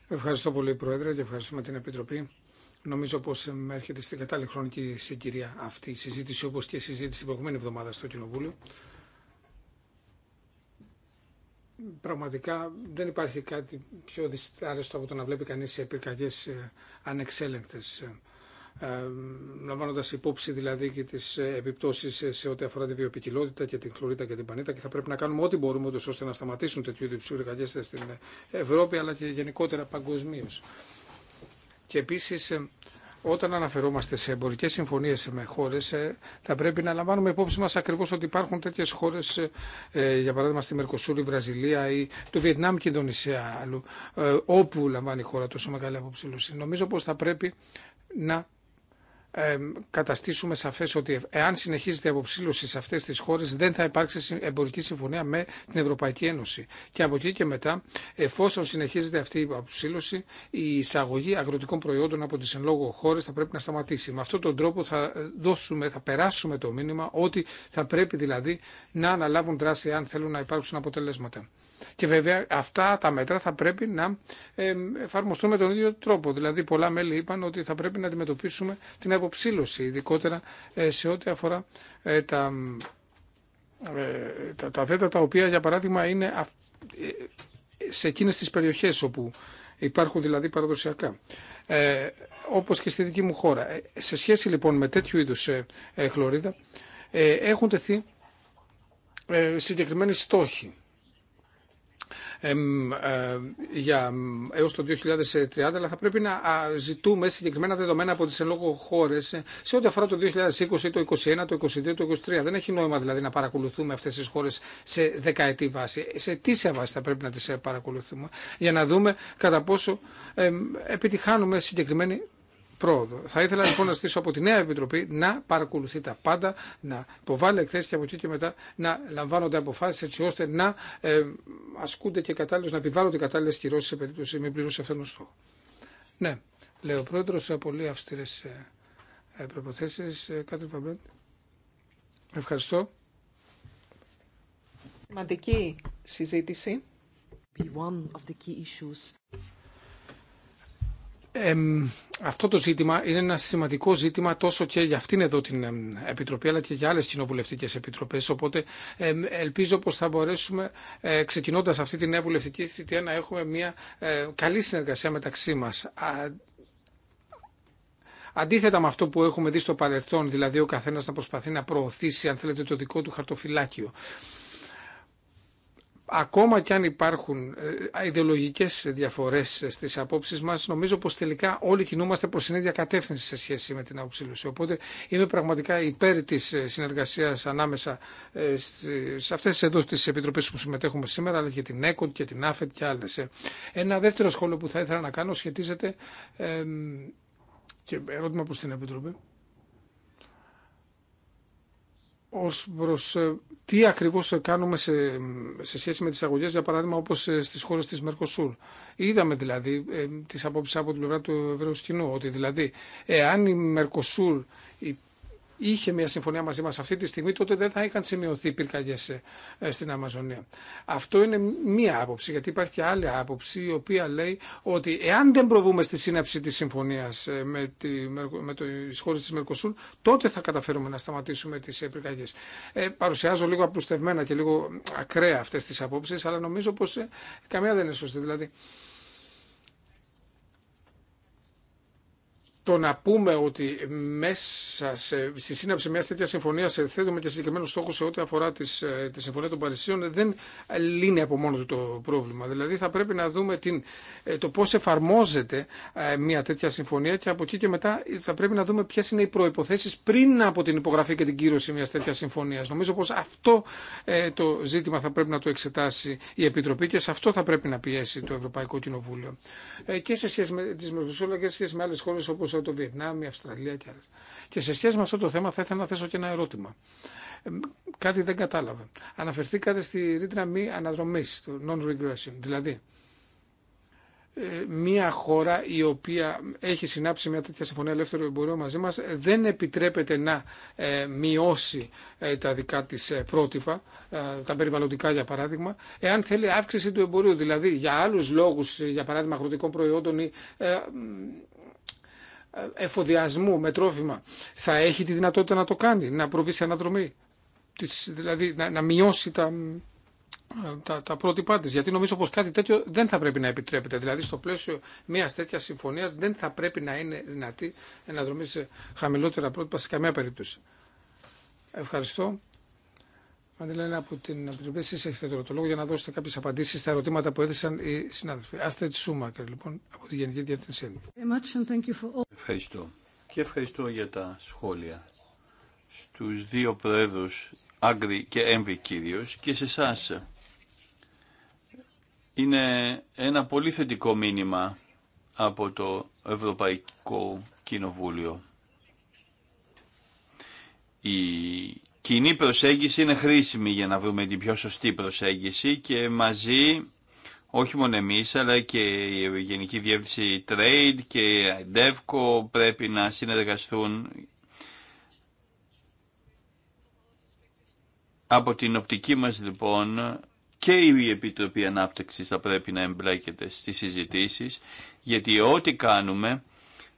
A: Ευχαριστώ πολύ, Πρόεδρε, και ευχαριστούμε την Επιτροπή. Νομίζω πω έρχεται στην κατάλληλη χρονική συγκυρία αυτή η συζήτηση, όπω και η συζήτηση την προηγούμενη εβδομάδα στο Κοινοβούλιο. Πραγματικά δεν υπάρχει κάτι πιο δυστάρεστο από το να βλέπει κανεί πυρκαγιέ ε, ανεξέλεγκτε. Ε, λαμβάνοντας υπόψη δηλαδή και τις ε, επιπτώσεις σε ό,τι αφορά τη βιοπικιλότητα και την χλωρίδα και την πανίτα και θα πρέπει να κάνουμε ό,τι μπορούμε ούτως ώστε να σταματήσουν τέτοιου είδους πυρκαγιές στην Ευρώπη αλλά και γενικότερα παγκοσμίω. Και επίσης ε, όταν αναφερόμαστε σε εμπορικέ συμφωνίε με χώρε, θα πρέπει να λαμβάνουμε υπόψη μα ακριβώ ότι υπάρχουν τέτοιε χώρε, για παράδειγμα στη Μερκοσούρ, η Βραζιλία ή το Βιετνάμ και η Ινδονησία, άλλου, όπου λαμβάνει η χώρα τόσο μεγάλη αποψηλωσία. Νομίζω πω θα πρέπει να καταστήσουμε σαφές ότι εάν συνεχίζεται η αποψήλωση σε αυτές τι χώρες δεν θα υπάρξει εμπορική συμφωνία με την Ευρωπαϊκή Ένωση. Και από εκεί και μετά, εφόσον συνεχίζεται αυτή η αποψήλωση, η εισαγωγή αγροτικών προϊόντων από τις εν λόγω χώρες θα πρέπει να σταματήσει. Με αυτόν τον τρόπο θα ε, δώσουμε, θα περάσουμε το μήνυμα ότι θα πρέπει δηλαδή να αναλάβουν δράση αν θέλουν να υπάρξουν αποτελέσματα. Και βέβαια αυτά τα μέτρα θα πρέπει να εφαρμοστούν με τον ίδιο τρόπο. Δηλαδή πολλά μέλη είπαν ότι θα πρέπει να αντιμετωπίσουμε την αποψήλωση, ειδικότερα ε, σε ό,τι αφορά ε, τα, ε, τα, τα δέτα τα οποία για παράδειγμα είναι σε εκείνες τις περιοχές όπου υπάρχουν δηλαδή παραδοσιακά. Ε, όπως και στη δική μου χώρα. Σε σχέση λοιπόν με τέτοιου είδους ε, χλωρίδα έχουν τεθεί συγκεκριμένοι στόχοι ε, για, έως το 2030, αλλά θα πρέπει να ζητούμε συγκεκριμένα δεδομένα από τις εν λόγω χώρες ε, σε ό,τι αφορά το 2020, το 2021, το 2022, το 2023. Δεν έχει νόημα δηλαδή να παρακολουθούμε αυτές τις χώρες σε δεκαετή βάση. Σε σε βάση θα πρέπει να τις ε, παρακολουθούμε για να δούμε κατά πόσο επιτυχάνουμε συγκεκριμένη πρόοδο. Θα ήθελα λοιπόν να στήσω από τη νέα Επιτροπή να παρακολουθεί τα πάντα, να υποβάλλει εκθέσει και από εκεί και μετά να λαμβάνονται αποφάσει έτσι ώστε να ε, ασκούνται και κατάλληλε, να επιβάλλονται κατάλληλε κυρώσει σε περίπτωση μη πλήρωση αυτόν τον στόχο. Ναι, λέει ο πρόεδρο σε πολύ αυστηρέ ε, ε, προποθέσει. Κάτι Φαμπρέτ. Ευχαριστώ.
C: Σημαντική συζήτηση
A: αυτό το ζήτημα είναι ένα σημαντικό ζήτημα τόσο και για αυτήν εδώ την Επιτροπή αλλά και για άλλες κοινοβουλευτικές επιτροπές οπότε ελπίζω πως θα μπορέσουμε ε, ξεκινώντας αυτή την νέα θητεία να έχουμε μια ε, καλή συνεργασία μεταξύ μας. Αντίθετα με αυτό που έχουμε δει στο παρελθόν, δηλαδή ο καθένας να προσπαθεί να προωθήσει αν θέλετε το δικό του χαρτοφυλάκιο ακόμα κι αν υπάρχουν ε, ιδεολογικές διαφορές ε, στις απόψεις μας, νομίζω πως τελικά όλοι κινούμαστε προς την ίδια κατεύθυνση σε σχέση με την αποξήλωση. Οπότε είμαι πραγματικά υπέρ της ε, συνεργασίας ανάμεσα σε αυτές εδώ τις επιτροπές που συμμετέχουμε σήμερα, αλλά και την ΕΚΟΤ και την ΑΦΕΤ και άλλες. Ένα δεύτερο σχόλιο που θα ήθελα να κάνω σχετίζεται και ερώτημα προς την Επιτροπή ως προς ε, τι ακριβώς κάνουμε σε, σε σχέση με τις αγωγές, για παράδειγμα όπως ε, στις χώρες της Μερκοσούλ. Είδαμε δηλαδή ε, τις απόψεις από την πλευρά του Ευρωσκηνού ότι δηλαδή εάν η Μερκοσούλ είχε μια συμφωνία μαζί μα αυτή τη στιγμή, τότε δεν θα είχαν σημειωθεί πυρκαγιέ ε, στην Αμαζονία. Αυτό είναι μία άποψη, γιατί υπάρχει και άλλη άποψη, η οποία λέει ότι εάν δεν προβούμε στη σύναψη τη συμφωνία ε, με, τη, με το, τις της Μερκοσούρ, τότε θα καταφέρουμε να σταματήσουμε τις ε, πυρκαγιέ. Ε, παρουσιάζω λίγο απλουστευμένα και λίγο ακραία αυτέ τι απόψει, αλλά νομίζω πως καμία δεν είναι σωστή. Δηλαδή, το να πούμε ότι μέσα σε, στη σύναψη μια τέτοια συμφωνία θέτουμε και συγκεκριμένου στόχου σε ό,τι αφορά τις, ε, τη Συμφωνία των Παρισίων δεν λύνει από μόνο του το πρόβλημα. Δηλαδή θα πρέπει να δούμε την, ε, το πώ εφαρμόζεται ε, μια τέτοια συμφωνία και από εκεί και μετά θα πρέπει να δούμε ποιε είναι οι προποθέσει πριν από την υπογραφή και την κύρωση μια τέτοια συμφωνία. Νομίζω πω αυτό το ζήτημα θα πρέπει να το εξετάσει η Επιτροπή και σε αυτό θα πρέπει να πιέσει το Ευρωπαϊκό Κοινοβούλιο. και σε σχέση με τι σε σχέση με άλλε χώρε όπω από το Βιετνάμ, η Αυστραλία και άλλε. Και σε σχέση με αυτό το θέμα θα ήθελα να θέσω και ένα ερώτημα. Κάτι δεν κατάλαβα. Αναφερθήκατε στη ρήτρα μη αναδρομή, το non-regression, δηλαδή ε, μια χώρα η οποία έχει συνάψει μια τέτοια συμφωνία ελεύθερου εμπορίου μαζί μας δεν επιτρέπεται να ε, μειώσει ε, τα δικά της πρότυπα, τα περιβαλλοντικά για παράδειγμα, εάν θέλει αύξηση του εμπορίου, δηλαδή για άλλους λόγους, για παράδειγμα αγροτικών προϊόντων εφοδιασμού με τρόφιμα θα έχει τη δυνατότητα να το κάνει, να προβεί σε αναδρομή, δηλαδή να, μειώσει τα, τα, τα πρότυπά τη. Γιατί νομίζω πω κάτι τέτοιο δεν θα πρέπει να επιτρέπεται. Δηλαδή, στο πλαίσιο μια τέτοια συμφωνία δεν θα πρέπει να είναι δυνατή να σε χαμηλότερα πρότυπα σε καμία περίπτωση. Ευχαριστώ. Μαντιλένα από την Επιτροπή, εσεί έχετε τώρα το λόγο για να δώσετε κάποιε απαντήσει στα ερωτήματα που έθεσαν οι συνάδελφοι. Άστε Τσούμακερ, λοιπόν, από τη Γενική Διεύθυνση
B: Ευχαριστώ. Και ευχαριστώ για τα σχόλια στου δύο πρόεδρου, Άγκρη και Έμβη κυρίω, και σε εσά. Είναι ένα πολύ θετικό μήνυμα από το Ευρωπαϊκό Κοινοβούλιο. Η κοινή προσέγγιση είναι χρήσιμη για να βρούμε την πιο σωστή προσέγγιση και μαζί όχι μόνο εμείς αλλά και η Γενική Διεύθυνση Trade και η DEVCO πρέπει να συνεργαστούν Από την οπτική μας λοιπόν και η Επιτροπή Ανάπτυξης θα πρέπει να εμπλέκεται στις συζητήσεις γιατί ό,τι κάνουμε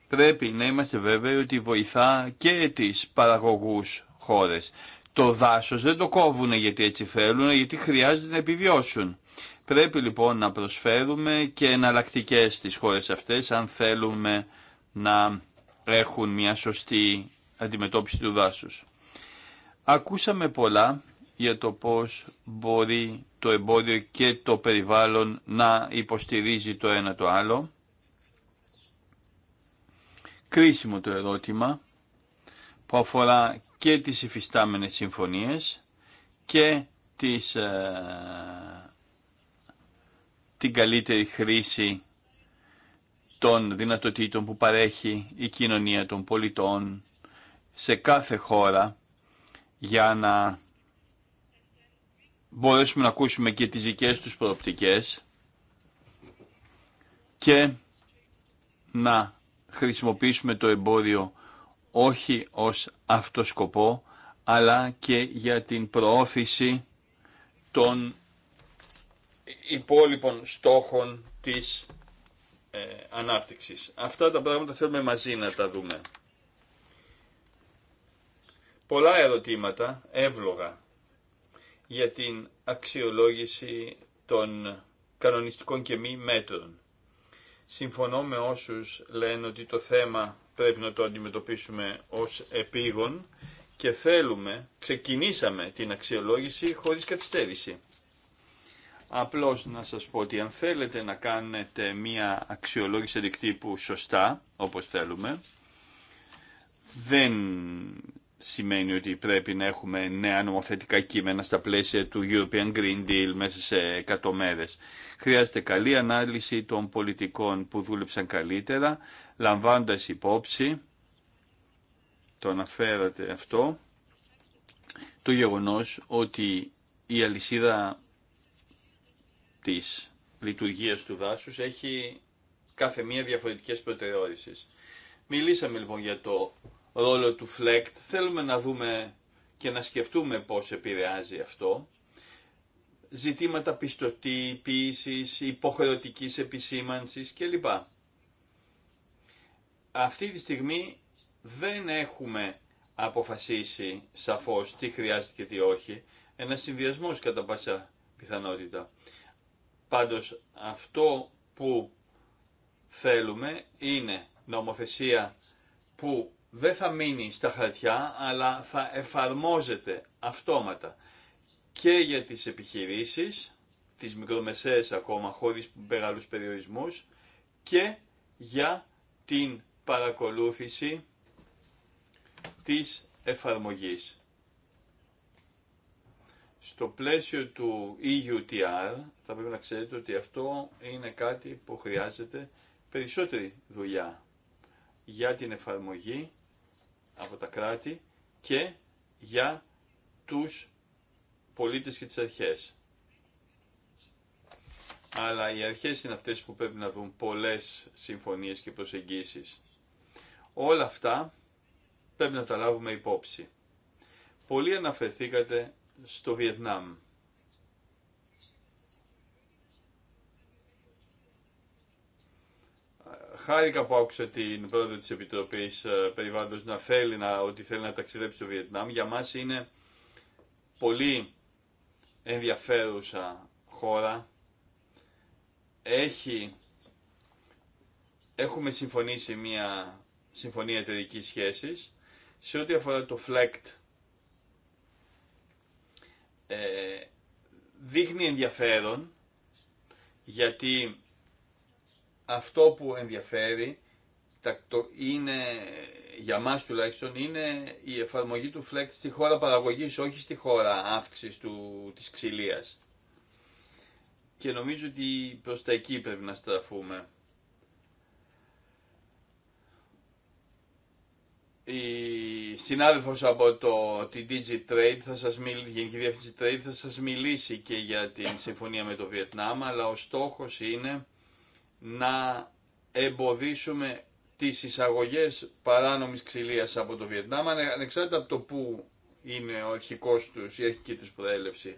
B: πρέπει να είμαστε βέβαιοι ότι βοηθά και τις παραγωγούς χώρες. Το δάσος δεν το κόβουν γιατί έτσι θέλουν, γιατί χρειάζεται να επιβιώσουν. Πρέπει λοιπόν να προσφέρουμε και εναλλακτικέ στις χώρες αυτές αν θέλουμε να έχουν μια σωστή αντιμετώπιση του δάσους. Ακούσαμε πολλά για το πώς μπορεί το εμπόδιο και το περιβάλλον να υποστηρίζει το ένα το άλλο. Κρίσιμο το ερώτημα που αφορά και τις υφιστάμενες συμφωνίες και τις, ε, την καλύτερη χρήση των δυνατοτήτων που παρέχει η κοινωνία των πολιτών σε κάθε χώρα για να μπορέσουμε να ακούσουμε και τις δικές τους προοπτικές και να χρησιμοποιήσουμε το εμπόδιο όχι ως αυτοσκοπό, αλλά και για την προώθηση των υπόλοιπων στόχων της ε, ανάπτυξης. Αυτά τα πράγματα θέλουμε μαζί να τα δούμε. Πολλά ερωτήματα εύλογα για την αξιολόγηση των κανονιστικών και μη μέτρων. Συμφωνώ με όσους λένε ότι το θέμα πρέπει να το αντιμετωπίσουμε ως επίγον και θέλουμε, ξεκινήσαμε την αξιολόγηση χωρίς καθυστέρηση. Απλώς να σας πω ότι αν θέλετε να κάνετε μία αξιολόγηση δικτύπου σωστά, όπως θέλουμε, δεν σημαίνει ότι πρέπει να έχουμε νέα νομοθετικά κείμενα στα πλαίσια του European Green Deal μέσα σε 100 μέρες. Χρειάζεται καλή ανάλυση των πολιτικών που δούλεψαν καλύτερα, λαμβάνοντας υπόψη, το αναφέρατε αυτό, το γεγονός ότι η αλυσίδα της λειτουργίας του δάσους έχει κάθε μία διαφορετικές προτεραιότητες. Μιλήσαμε λοιπόν για το ρόλο του φλεκτ. Θέλουμε να δούμε και να σκεφτούμε πώς επηρεάζει αυτό. Ζητήματα πιστοτήπησης υποχρεωτικής επισήμανσης κλπ. Αυτή τη στιγμή δεν έχουμε αποφασίσει σαφώς τι χρειάζεται και τι όχι. Ένα συνδυασμό κατά πάσα πιθανότητα. Πάντως αυτό που θέλουμε είναι νομοθεσία που δεν θα μείνει στα χαρτιά, αλλά θα εφαρμόζεται αυτόματα και για τις επιχειρήσεις, τις μικρομεσαίες ακόμα, χωρίς μεγάλους περιορισμούς, και για την παρακολούθηση της εφαρμογής. Στο πλαίσιο του EUTR θα πρέπει να ξέρετε ότι αυτό είναι κάτι που χρειάζεται περισσότερη δουλειά για την εφαρμογή από τα κράτη και για τους πολίτες και τις αρχές. Αλλά οι αρχές είναι αυτές που πρέπει να δουν πολλές συμφωνίες και προσεγγίσεις. Όλα αυτά πρέπει να τα λάβουμε υπόψη. Πολλοί αναφερθήκατε στο Βιετνάμ. Χάρηκα που άκουσα την πρόεδρο της Επιτροπής ε, Περιβάλλοντος να θέλει να, ότι θέλει να ταξιδέψει στο Βιετνάμ. Για μας είναι πολύ ενδιαφέρουσα χώρα. Έχει, έχουμε συμφωνήσει μια συμφωνία εταιρική σχέσης. Σε ό,τι αφορά το FLECT, ε, δείχνει ενδιαφέρον γιατί αυτό που ενδιαφέρει είναι, για μας τουλάχιστον είναι η εφαρμογή του φλεκτ στη χώρα παραγωγής, όχι στη χώρα αύξησης του, της ξυλίας. Και νομίζω ότι προς τα εκεί πρέπει να στραφούμε. η συνάδελφος από το, τη trade θα σας Γενική Διεύθυνση Trade, θα σας μιλήσει και για την συμφωνία με το Βιετνάμ, αλλά ο στόχος είναι να εμποδίσουμε τις εισαγωγές παράνομης ξυλίας από το Βιετνάμ, ανεξάρτητα από το που είναι ο αρχικός τους, η αρχική τους προέλευση.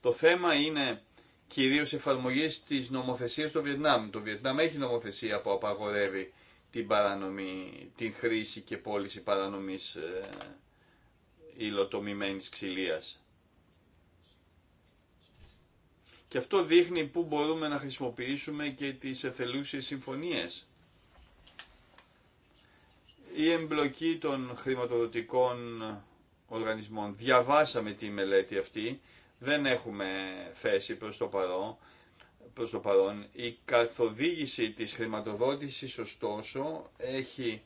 B: Το θέμα είναι κυρίως εφαρμογή της νομοθεσίας στο Βιετνάμ. Το Βιετνάμ έχει νομοθεσία που απαγορεύει την, παρανομή, την χρήση και πώληση παρανομής ε, υλοτομημένης ξυλίας. Και αυτό δείχνει πού μπορούμε να χρησιμοποιήσουμε και τις εθελούσιες συμφωνίες. Η εμπλοκή των χρηματοδοτικών οργανισμών. Διαβάσαμε τη μελέτη αυτή, δεν έχουμε θέση προς το παρόν. Προς το παρόν. Η καθοδήγηση της χρηματοδότησης ωστόσο έχει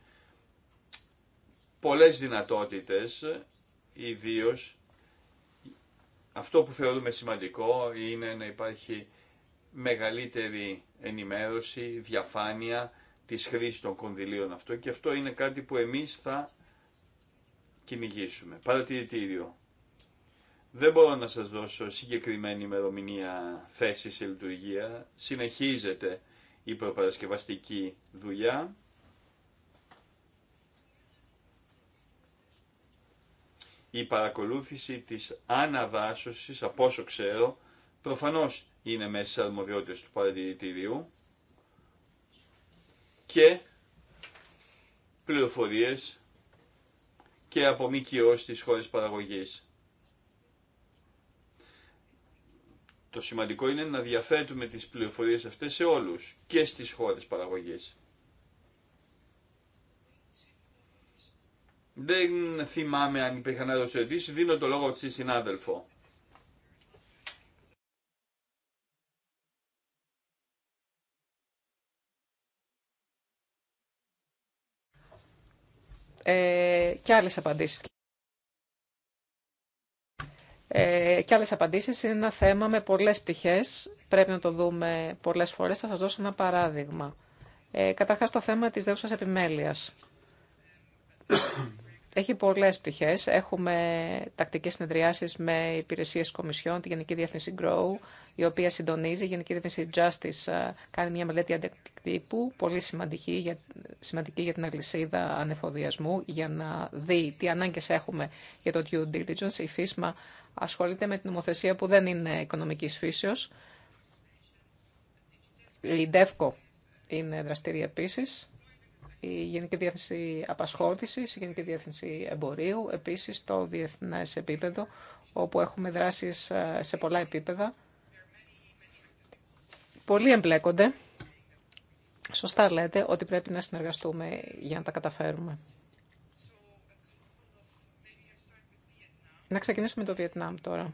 B: πολλές δυνατότητες, ιδίως αυτό που θεωρούμε σημαντικό είναι να υπάρχει μεγαλύτερη ενημέρωση, διαφάνεια της χρήσης των κονδυλίων αυτό και αυτό είναι κάτι που εμείς θα κυνηγήσουμε. Παρατηρητήριο. Δεν μπορώ να σας δώσω συγκεκριμένη ημερομηνία θέση σε λειτουργία. Συνεχίζεται η προπαρασκευαστική δουλειά. Η παρακολούθηση της αναδάσωσης, από όσο ξέρω, προφανώς είναι μέσα στις αρμοδιότητες του παρατηρητηρίου και πληροφορίες και από ΜΚΟ στις χώρες παραγωγής. Το σημαντικό είναι να διαφέρουμε τις πληροφορίες αυτές σε όλους και στις χώρες παραγωγής. Δεν θυμάμαι αν υπήρχαν δώσω Δίνω το λόγο στη συνάδελφο.
C: Ε, και άλλες απαντήσεις. Ε, και άλλες απαντήσεις είναι ένα θέμα με πολλές πτυχές. Πρέπει να το δούμε πολλές φορές. Θα σας δώσω ένα παράδειγμα. Ε, καταρχάς το θέμα της δεύτερης επιμέλειας. Έχει πολλέ πτυχέ. Έχουμε τακτικές συνεδριάσει με υπηρεσίες κομισιών, τη Γενική Διεύθυνση Grow, η οποία συντονίζει. Η Γενική Διεύθυνση Justice ε, κάνει μια μελέτη αντικτύπου, πολύ σημαντική για, σημαντική για την αλυσίδα ανεφοδιασμού, για να δει τι ανάγκες έχουμε για το due diligence. Η FISMA ασχολείται με την νομοθεσία που δεν είναι οικονομική φύσεως. Η DEFCO είναι δραστήρια επίσης η Γενική Διεύθυνση Απασχόληση, η Γενική Διεύθυνση Εμπορίου, επίσης το διεθνές επίπεδο, όπου έχουμε δράσεις ε, σε πολλά επίπεδα. Πολλοί εμπλέκονται. Σωστά λέτε ότι πρέπει να συνεργαστούμε για να τα καταφέρουμε. Να ξεκινήσουμε το Βιετνάμ τώρα.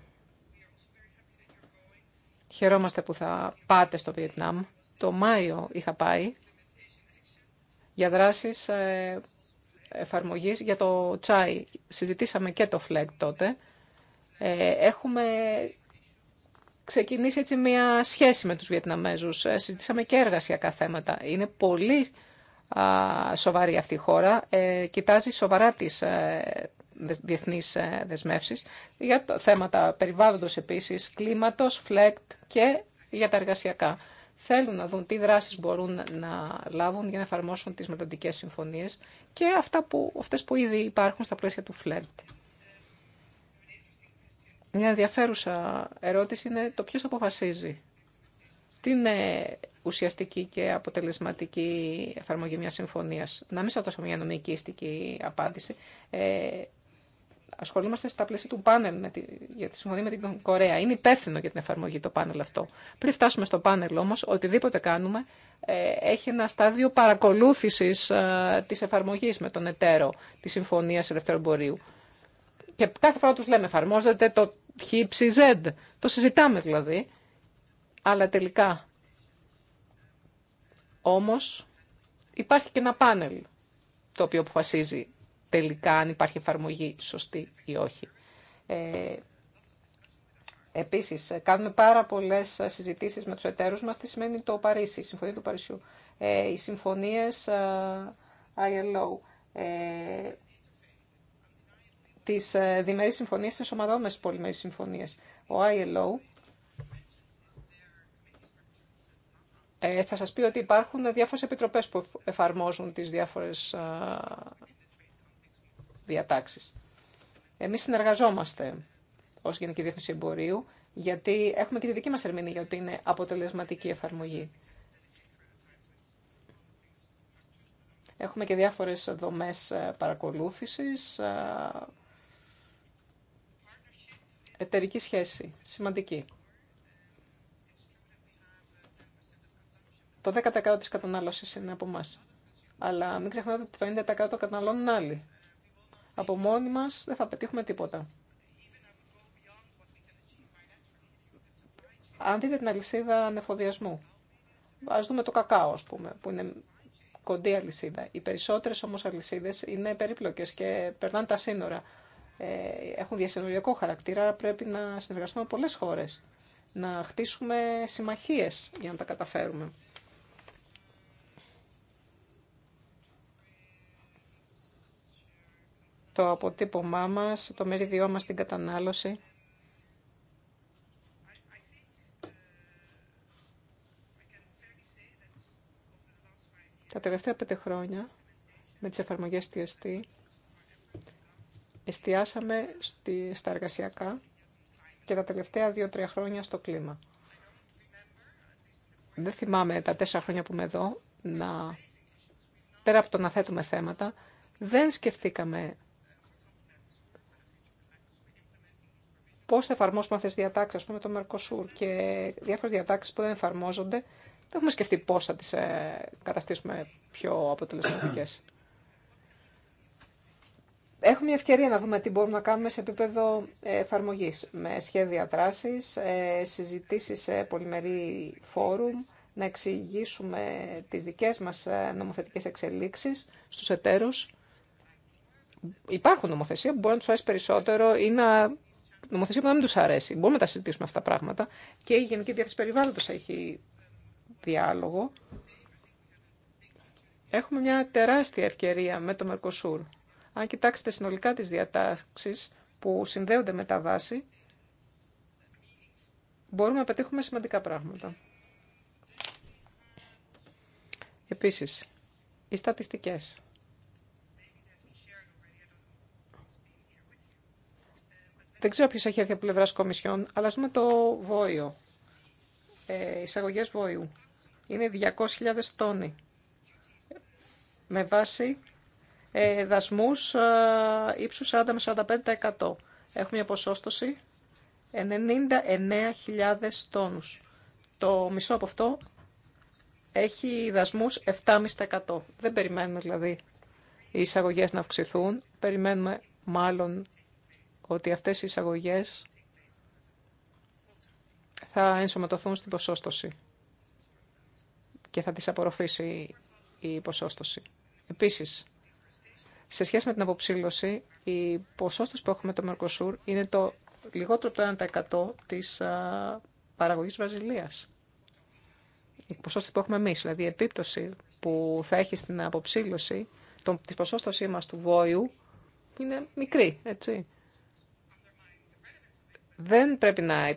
C: Χαιρόμαστε που θα πάτε στο Βιετνάμ. Το Μάιο είχα πάει για δράσεις ε, εφαρμογής για το τσάι. Συζητήσαμε και το ΦΛΕΚ τότε. Ε, έχουμε ξεκινήσει έτσι μια σχέση με τους Βιετναμέζους. Ε, συζητήσαμε και εργασιακά θέματα. Είναι πολύ σοβαρή αυτή η χώρα. Κοιτάζει σοβαρά τις διεθνείς δεσμεύσεις για θέματα περιβάλλοντος επίσης, κλίματος, φλεκτ και για τα εργασιακά θέλουν να δουν τι δράσεις μπορούν να λάβουν για να εφαρμόσουν τις μελλοντικέ συμφωνίες και αυτά που, αυτές που ήδη υπάρχουν στα πλαίσια του φλερτ. Μια ενδιαφέρουσα ερώτηση είναι το ποιος αποφασίζει. Τι είναι ουσιαστική και αποτελεσματική εφαρμογή μιας συμφωνίας. Να μην σας δώσω μια νομικήστικη απάντηση. Ε, ασχολούμαστε στα πλαίσια του πάνελ με τη, για τη συμφωνία με την Κορέα. Είναι υπεύθυνο για την εφαρμογή το πάνελ αυτό. Πριν φτάσουμε στο πάνελ όμω οτιδήποτε κάνουμε ε, έχει ένα στάδιο παρακολούθηση ε, της εφαρμογής με τον εταίρο της Συμφωνίας Μπορείου. Και κάθε φορά του λέμε εφαρμόζεται το ΧΙΠΣΙΖ. Το συζητάμε δηλαδή. Αλλά τελικά όμω, υπάρχει και ένα πάνελ το οποίο αποφασίζει τελικά αν υπάρχει εφαρμογή σωστή ή όχι. Ε, Επίσης, κάνουμε πάρα πολλές συζητήσεις με τους εταίρους μας, τι σημαίνει το Παρίσι, η Συμφωνία του Παρισιού, ε, οι συμφωνίες ε, ILO, ε, τις ε, διμερείς συμφωνίες τις ομαδόμες πολυμερείς συμφωνίες. Ο ILO ε, θα σας πει ότι υπάρχουν διάφορες επιτροπές που εφαρμόζουν τις διάφορες ε, διατάξεις. Εμείς συνεργαζόμαστε ω Γενική Διεύθυνση Εμπορίου, γιατί έχουμε και τη δική μας ερμηνεία για ότι είναι αποτελεσματική εφαρμογή. Έχουμε και διάφορες δομές ε, παρακολούθησης, ε, εταιρική σχέση, σημαντική. Το 10% της κατανάλωσης είναι από εμά. Αλλά μην ξεχνάτε ότι το 90% καταναλώνουν άλλοι από μόνοι μας δεν θα πετύχουμε τίποτα. Αν δείτε την αλυσίδα ανεφοδιασμού, ας δούμε το κακάο, ας πούμε, που είναι κοντή αλυσίδα. Οι περισσότερες όμως αλυσίδες είναι περίπλοκες και περνάνε τα σύνορα. Ε, έχουν διασυνοριακό χαρακτήρα, άρα πρέπει να συνεργαστούμε με πολλές χώρες. Να χτίσουμε συμμαχίες για να τα καταφέρουμε. το αποτύπωμά μας, το μεριδιό μας στην κατανάλωση. Τα τελευταία πέντε χρόνια, με τις εφαρμογές TST, εστιάσαμε στη, στα εργασιακά και τα τελευταία δύο-τρία χρόνια στο κλίμα. Δεν θυμάμαι τα τέσσερα χρόνια που είμαι εδώ, να, πέρα από το να θέτουμε θέματα, δεν σκεφτήκαμε Πώ θα εφαρμόσουμε αυτέ τις διατάξεις, α πούμε, το Mercosur και διάφορες διατάξεις που δεν εφαρμόζονται, δεν έχουμε σκεφτεί πώ θα τις ε, καταστήσουμε πιο αποτελεσματικέ. Έχουμε μια ευκαιρία να δούμε τι μπορούμε να κάνουμε σε επίπεδο ε, εφαρμογή με σχέδια δράση, ε, συζητήσει σε πολυμερή φόρουμ, να εξηγήσουμε τις δικές μας νομοθετικές εξελίξεις στους εταίρους. Υπάρχουν νομοθεσία που μπορεί να τους αρέσει περισσότερο ή να νομοθεσία που να μην του αρέσει. Μπορούμε να τα συζητήσουμε αυτά τα πράγματα και η Γενική Διεύθυνση Περιβάλλοντο έχει διάλογο. Έχουμε μια τεράστια ευκαιρία με το Μερκοσούρ. Αν κοιτάξετε συνολικά τις διατάξεις που συνδέονται με τα βάση, μπορούμε να πετύχουμε σημαντικά πράγματα. Επίσης, οι στατιστικές. Δεν ξέρω ποιο έχει έρθει από πλευρά Κομισιόν, αλλά δούμε το Βόϊο. Ε, εισαγωγέ βόιου Είναι 200.000 τόνοι. Με βάση ε, δασμού ε, ύψου 40 με 45%. Έχουμε μια ποσόστοση 99.000 τόνους. Το μισό από αυτό έχει δασμούς 7,5%. Δεν περιμένουμε δηλαδή οι εισαγωγέ να αυξηθούν. Περιμένουμε μάλλον ότι αυτές οι εισαγωγές θα ενσωματωθούν στην ποσόστοση και θα τις απορροφήσει η ποσόστοση. Επίσης, σε σχέση με την αποψήλωση, η ποσόστοση που έχουμε το Μερκοσούρ είναι το λιγότερο το 1% της α, παραγωγής Βραζιλίας. Η ποσόστοση που έχουμε εμείς, δηλαδή η επίπτωση που θα έχει στην αποψήλωση το, της ποσόστοσή μας του βόλου είναι μικρή, έτσι. Δεν πρέπει να,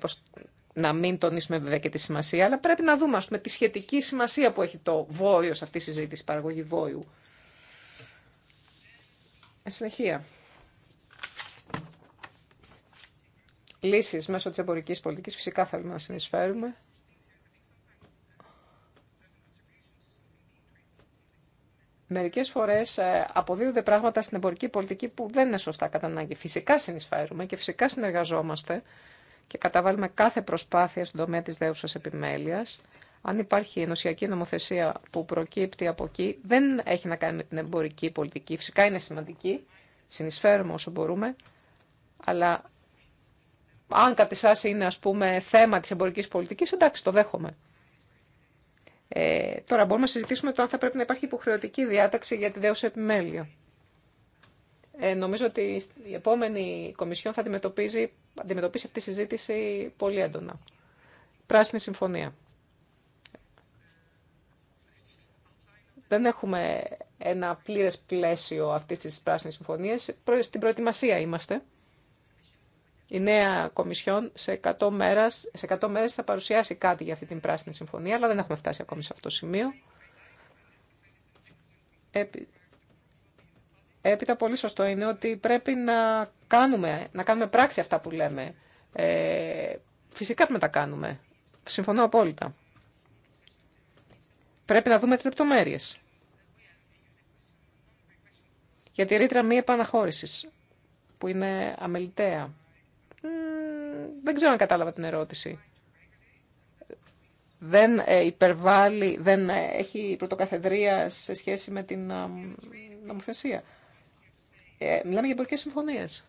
C: να μην τονίσουμε βέβαια και τη σημασία, αλλά πρέπει να δούμε ας πούμε, τη σχετική σημασία που έχει το βόλιο σε αυτή τη συζήτηση, η παραγωγή Εν συνεχεία. Λύσεις μέσω της εμπορικής πολιτικής φυσικά θέλουμε να συνεισφέρουμε. μερικές φορές ε, αποδίδονται πράγματα στην εμπορική πολιτική που δεν είναι σωστά κατά ανάγκη. Φυσικά συνεισφέρουμε και φυσικά συνεργαζόμαστε και καταβάλουμε κάθε προσπάθεια στον τομέα τη δεούσα επιμέλειας. Αν υπάρχει ενωσιακή νομοθεσία που προκύπτει από εκεί, δεν έχει να κάνει με την εμπορική πολιτική. Φυσικά είναι σημαντική, συνεισφέρουμε όσο μπορούμε, αλλά αν εσά είναι ας πούμε θέμα τη εμπορική πολιτική, εντάξει το δέχομαι. Ε, τώρα μπορούμε να συζητήσουμε το αν θα πρέπει να υπάρχει υποχρεωτική διάταξη για τη δέωση επιμέλεια. Ε, νομίζω ότι η επόμενη Κομισιόν θα αντιμετωπίζει, αντιμετωπίσει αυτή τη συζήτηση πολύ έντονα. Πράσινη Συμφωνία. Δεν έχουμε ένα πλήρες πλαίσιο αυτής της Πράσινης Συμφωνίας. Στην προετοιμασία είμαστε. Η νέα Κομισιόν σε 100, μέρες, σε 100 μέρες θα παρουσιάσει κάτι για αυτή την πράσινη συμφωνία, αλλά δεν έχουμε φτάσει ακόμη σε αυτό το σημείο. Επί... Έπειτα πολύ σωστό είναι ότι πρέπει να κάνουμε, να κάνουμε πράξη αυτά που λέμε. Ε, φυσικά πρέπει να τα κάνουμε. Συμφωνώ απόλυτα. Πρέπει να δούμε τις λεπτομέρειες. Για τη ρήτρα μη επαναχώρησης, που είναι αμεληταία δεν ξέρω αν κατάλαβα την ερώτηση. Δεν ε, υπερβάλλει, δεν ε, έχει πρωτοκαθεδρία σε σχέση με την νομοθεσία. Ε, μιλάμε για εμπορικές συμφωνίες.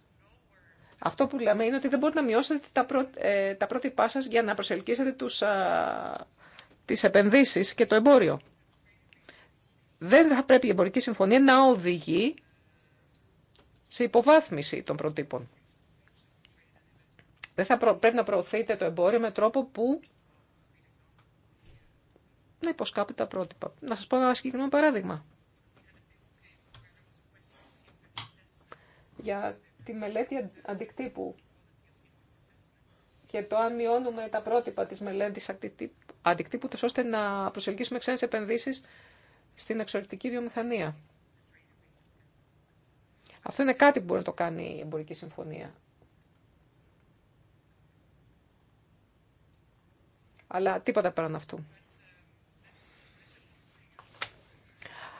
C: Αυτό που λέμε είναι ότι δεν μπορείτε να μειώσετε τα, ε, τα πρότυπά σας για να προσελκύσετε τους, α, τις επενδύσεις και το εμπόριο. Δεν θα πρέπει η εμπορική συμφωνία να οδηγεί σε υποβάθμιση των προτύπων. Δεν θα Πρέπει να προωθείτε το εμπόριο με τρόπο που να υποσκάπτει τα πρότυπα. Να σας πω ένα συγκεκριμένο παράδειγμα. Για τη μελέτη αντικτύπου και το αν μειώνουμε τα πρότυπα της μελέτης αντικτύπου ώστε να προσελκύσουμε ξένες επενδύσεις στην εξωτερική βιομηχανία. Αυτό είναι κάτι που μπορεί να το κάνει η εμπορική συμφωνία. αλλά τίποτα πέραν αυτού.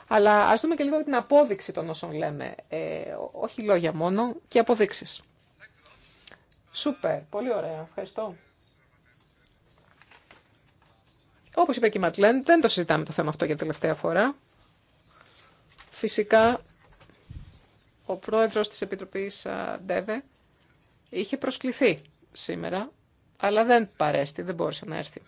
C: Αλλά ας δούμε και λίγο την απόδειξη των όσων λέμε. Ε, όχι λόγια μόνο, και αποδείξεις. Σούπερ, πολύ ωραία, ευχαριστώ. Όπως είπε και η Ματλέν, δεν το συζητάμε το θέμα αυτό για τελευταία φορά. Φυσικά, ο πρόεδρος της Επιτροπής ΔΕΒΕ είχε προσκληθεί σήμερα αλλά δεν παρέστη, δεν μπόρεσε να έρθει.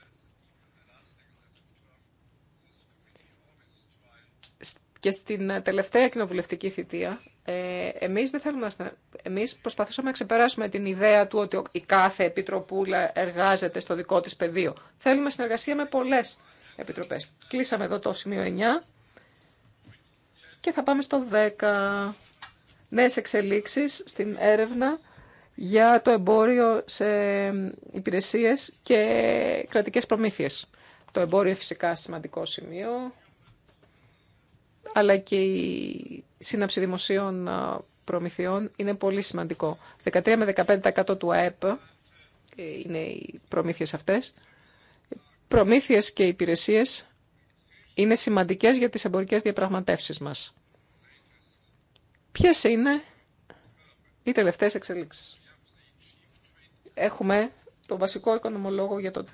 C: Και στην ε, τελευταία κοινοβουλευτική θητεία, ε, εμείς, δεν θέλουμε να, εμείς προσπαθήσαμε να ξεπεράσουμε την ιδέα του ότι η κάθε επιτροπούλα εργάζεται στο δικό της πεδίο. Θέλουμε συνεργασία με πολλές επιτροπές. Κλείσαμε εδώ το σημείο 9 και θα πάμε στο 10. Νέες εξελίξεις στην έρευνα για το εμπόριο σε υπηρεσίες και κρατικές προμήθειες. Το εμπόριο φυσικά σημαντικό σημείο, αλλά και η σύναψη δημοσίων προμηθειών είναι πολύ σημαντικό. 13 με 15% του ΑΕΠ ε, είναι οι προμήθειες αυτές. Προμήθειες και υπηρεσίες είναι σημαντικές για τις εμπορικές διαπραγματεύσεις μας. Ποιες είναι οι τελευταίες εξελίξεις. Έχουμε τον βασικό οικονομολόγο για το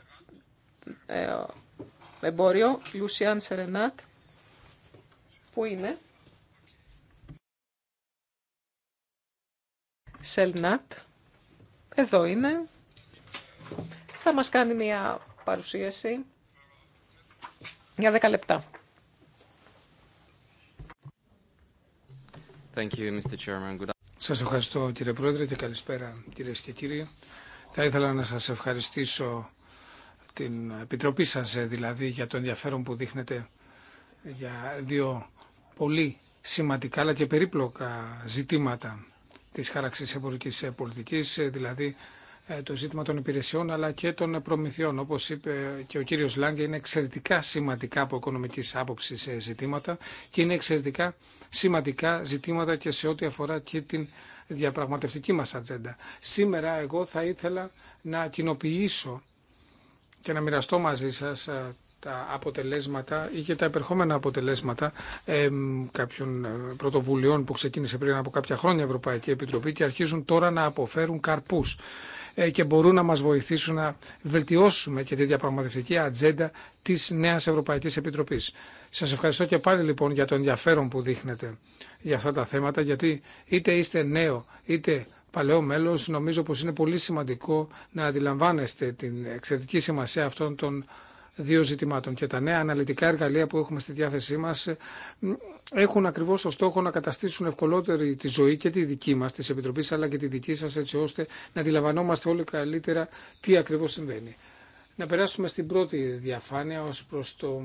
C: ε, εμπόριο, Λουσιάν Σερενάτ, που είναι Σελνάτ. Εδώ είναι. Θα μας κάνει μια παρουσίαση για 10 λεπτά.
A: Σας ευχαριστώ κύριε Πρόεδρε και καλησπέρα κυρίε και κύριοι. Θα ήθελα να σας ευχαριστήσω την Επιτροπή σας ε, δηλαδή για το ενδιαφέρον που δείχνετε για δύο πολύ σημαντικά αλλά και περίπλοκα ζητήματα της χάραξης εμπορικής ε, πολιτικής, ε, δηλαδή ε, το ζήτημα των υπηρεσιών αλλά και των προμηθειών. Όπως είπε και ο κύριος Λάγκε, είναι εξαιρετικά σημαντικά από οικονομική άποψη ε, ζητήματα και είναι εξαιρετικά σημαντικά ζητήματα και σε ό,τι αφορά και την διαπραγματευτική μας ατζέντα. Σήμερα εγώ θα ήθελα να κοινοποιήσω και να μοιραστώ μαζί σας ε, τα αποτελέσματα ή και τα επερχόμενα αποτελέσματα ε, κάποιων πρωτοβουλειών που ξεκίνησε πριν από κάποια χρόνια η Ευρωπαϊκή Επιτροπή και αρχίζουν τώρα να αποφέρουν καρπούς. Ε, και μπορούν να μας βοηθήσουν να βελτιώσουμε και τη διαπραγματευτική ατζέντα της νέας Ευρωπαϊκής Επιτροπής. Σας ευχαριστώ και πάλι λοιπόν για το ενδιαφέρον που δείχνετε για αυτά τα θέματα, γιατί είτε είστε νέο είτε παλαιό μέλος, νομίζω πως είναι πολύ σημαντικό να αντιλαμβάνεστε την εξαιρετική σημασία αυτών των δύο ζητημάτων. Και τα νέα αναλυτικά εργαλεία που έχουμε στη διάθεσή μα ε, έχουν ακριβώ το στόχο να καταστήσουν ευκολότερη τη ζωή και τη δική μα, τη Επιτροπή, αλλά και τη δική σα, έτσι ώστε να αντιλαμβανόμαστε όλοι καλύτερα τι ακριβώ συμβαίνει. Να περάσουμε στην πρώτη διαφάνεια ω προ το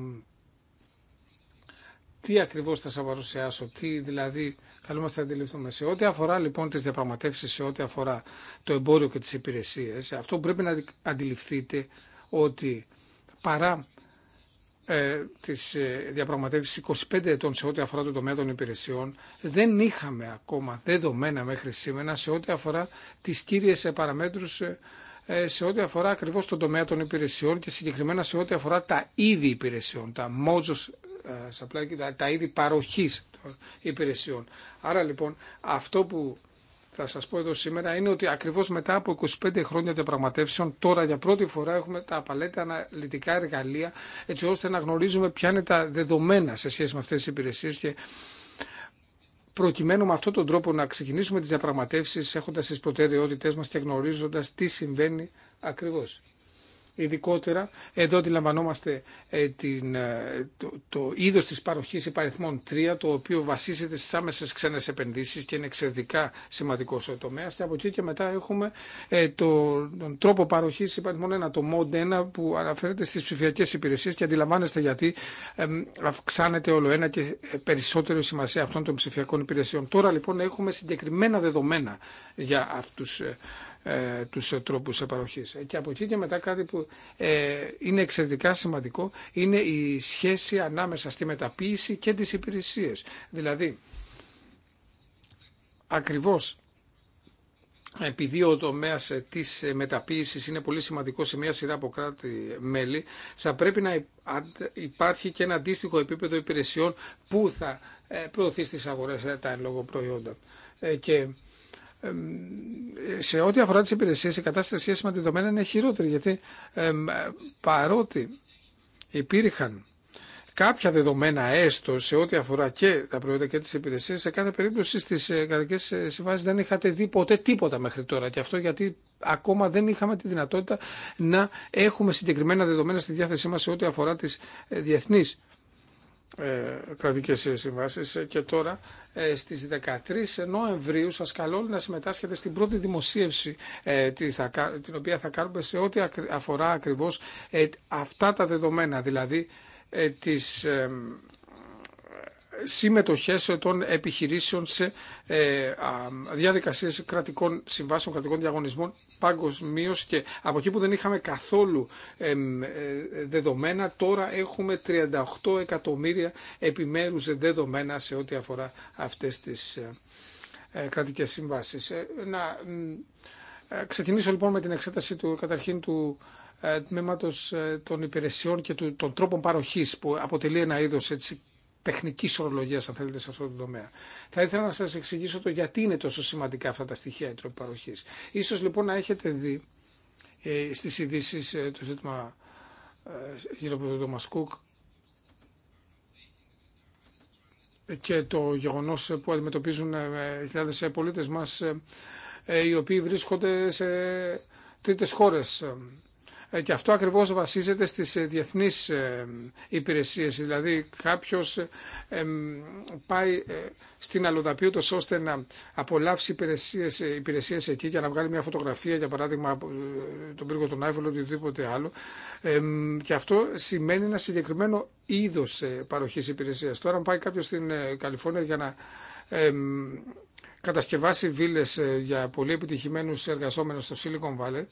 A: τι ακριβώ θα σα παρουσιάσω, τι δηλαδή καλούμαστε να αντιληφθούμε. Σε ό,τι αφορά λοιπόν τι διαπραγματεύσει, σε ό,τι αφορά το εμπόριο και τι υπηρεσίε, αυτό πρέπει να αντιληφθείτε ότι παρά ε, της ε, διαπραγματεύσεις 25 ετών σε ό,τι αφορά το τομέα των υπηρεσιών δεν είχαμε ακόμα δεδομένα μέχρι σήμερα σε ό,τι αφορά τις κύριες παραμέτρους ε, ε, σε ό,τι αφορά ακριβώς τον τομέα των υπηρεσιών και συγκεκριμένα σε ό,τι αφορά τα είδη υπηρεσιών, τα τα, τα είδη παροχής των υπηρεσιών. Άρα λοιπόν αυτό που θα σας πω εδώ σήμερα είναι ότι ακριβώς μετά από 25 χρόνια διαπραγματεύσεων τώρα για πρώτη φορά έχουμε τα απαλέτα αναλυτικά εργαλεία έτσι ώστε να γνωρίζουμε ποια είναι τα δεδομένα σε σχέση με αυτές τις υπηρεσίες και προκειμένου με αυτόν τον τρόπο να ξεκινήσουμε τις διαπραγματεύσεις έχοντας τις προτεραιότητές μας και γνωρίζοντας τι συμβαίνει ακριβώς ειδικότερα. Εδώ αντιλαμβανόμαστε ε, την, ε, το, το είδος της παροχής υπαριθμών 3, το οποίο βασίζεται στι άμεσες ξένε επενδύσει και είναι εξαιρετικά σημαντικό ο τομέα. Και από εκεί και μετά έχουμε ε, το, τον τρόπο παροχή υπαριθμών 1, το MOD 1, που αναφέρεται στι ψηφιακέ υπηρεσίε και αντιλαμβάνεστε γιατί αυξάνεται όλο ένα και περισσότερο η σημασία αυτών των ψηφιακών υπηρεσιών. Τώρα λοιπόν έχουμε συγκεκριμένα δεδομένα για αυτούς ε, τους ε, τρόπους παροχής. Ε, και από εκεί και μετά κάτι που είναι εξαιρετικά σημαντικό είναι η σχέση ανάμεσα στη μεταποίηση και τις υπηρεσίες. Δηλαδή, ακριβώς επειδή ο τομέα τη μεταποίηση είναι πολύ σημαντικό σε μια σειρά από κράτη-μέλη, θα πρέπει να υπάρχει και ένα αντίστοιχο επίπεδο υπηρεσιών που θα προωθεί στι αγορέ τα εν λόγω προϊόντα. Και σε ό,τι αφορά τις υπηρεσίες η κατάσταση σχέση με τα δεδομένα είναι χειρότερη γιατί παρότι υπήρχαν κάποια δεδομένα έστω σε ό,τι αφορά και τα προϊόντα και τις υπηρεσίες σε κάθε περίπτωση στις ε, κρατικές ε, συμβάσεις δεν είχατε δει ποτέ τίποτα μέχρι τώρα και αυτό γιατί ακόμα δεν είχαμε τη δυνατότητα να έχουμε συγκεκριμένα δεδομένα στη διάθεσή μας σε ό,τι αφορά τις ε, διεθνείς ε, κρατικές ε, συμβάσεις ε, και τώρα στις 13 Νοεμβρίου σας καλώ να συμμετάσχετε στην πρώτη δημοσίευση την οποία θα κάνουμε σε ό,τι αφορά ακριβώς αυτά τα δεδομένα δηλαδή τις συμμετοχές των επιχειρήσεων σε διαδικασίες κρατικών συμβάσεων, κρατικών διαγωνισμών παγκοσμίω και από εκεί που δεν είχαμε καθόλου ε, δεδομένα τώρα έχουμε 38 εκατομμύρια επιμέρους δεδομένα σε ό,τι αφορά αυτές τις ε, ε, κρατικές συμβάσεις. Να ξεκινήσω λοιπόν με την εξέταση του καταρχήν του τμήματος των υπηρεσιών και του, των τρόπων παροχής που αποτελεί ένα είδος έτσι, τεχνική ορολογία, αν θέλετε, σε αυτό το τομέα. Θα ήθελα να σα εξηγήσω το γιατί είναι τόσο σημαντικά αυτά τα στοιχεία η τρόπη παροχή. σω λοιπόν να έχετε δει ε, στι ειδήσει ε, το ζήτημα ε, γύρω από τον Τόμα Κουκ και το γεγονός που αντιμετωπίζουν ε, ε, χιλιάδες πολίτες μας οι οποίοι βρίσκονται σε τρίτες χώρες ε, και αυτό ακριβώς βασίζεται στις ε, διεθνείς ε, υπηρεσίες. Δηλαδή κάποιος πάει στην αλλοδαπή ούτως ώστε να απολαύσει υπηρεσίες, υπηρεσίες εκεί για να βγάλει μια φωτογραφία για παράδειγμα τον πύργο των Άιφελ ή οτιδήποτε άλλο. Και αυτό σημαίνει ένα συγκεκριμένο είδος παροχής υπηρεσίας. Τώρα αν πάει κάποιος στην Καλιφόρνια για να κατασκευάσει βίλες για πολύ επιτυχημένους εργαζόμενους στο Silicon Valley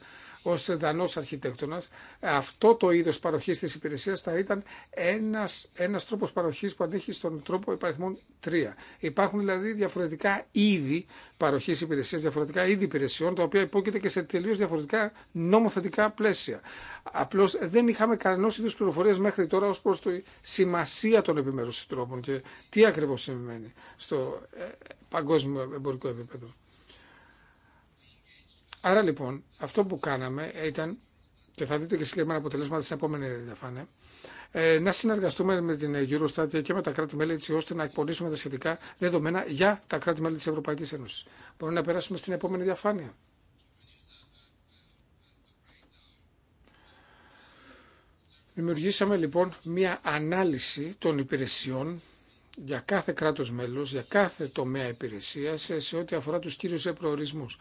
A: Ω Δανό αρχιτέκτονας, αυτό το είδο παροχή τη υπηρεσία θα ήταν ένα ένας τρόπος παροχής που αντέχει στον τρόπο υπαριθμών 3. Υπάρχουν δηλαδή διαφορετικά είδη παροχή υπηρεσία, διαφορετικά είδη υπηρεσιών, τα οποία υπόκειται και σε τελείω διαφορετικά νομοθετικά πλαίσια. Απλώ δεν είχαμε κανένα είδους πληροφορίε μέχρι τώρα ω προ τη σημασία των επιμέρους τρόπων και τι ακριβώ συμβαίνει στο ε, παγκόσμιο εμπορικό επίπεδο. Άρα λοιπόν αυτό που κάναμε ήταν, και θα δείτε και συγκεκριμένα αποτελέσματα στην επόμενη διαφάνεια, ε, να συνεργαστούμε με την Eurostat και με τα κράτη-μέλη έτσι ώστε να εκπονήσουμε τα σχετικά δεδομένα για τα κράτη-μέλη της Ευρωπαϊκής Ένωσης. Μπορούμε να περάσουμε στην επόμενη διαφάνεια. Δημιουργήσαμε λοιπόν μία ανάλυση των υπηρεσιών για κάθε κράτος μέλος, για κάθε τομέα υπηρεσίας ε, σε ό,τι αφορά τους κύριους προορισμούς.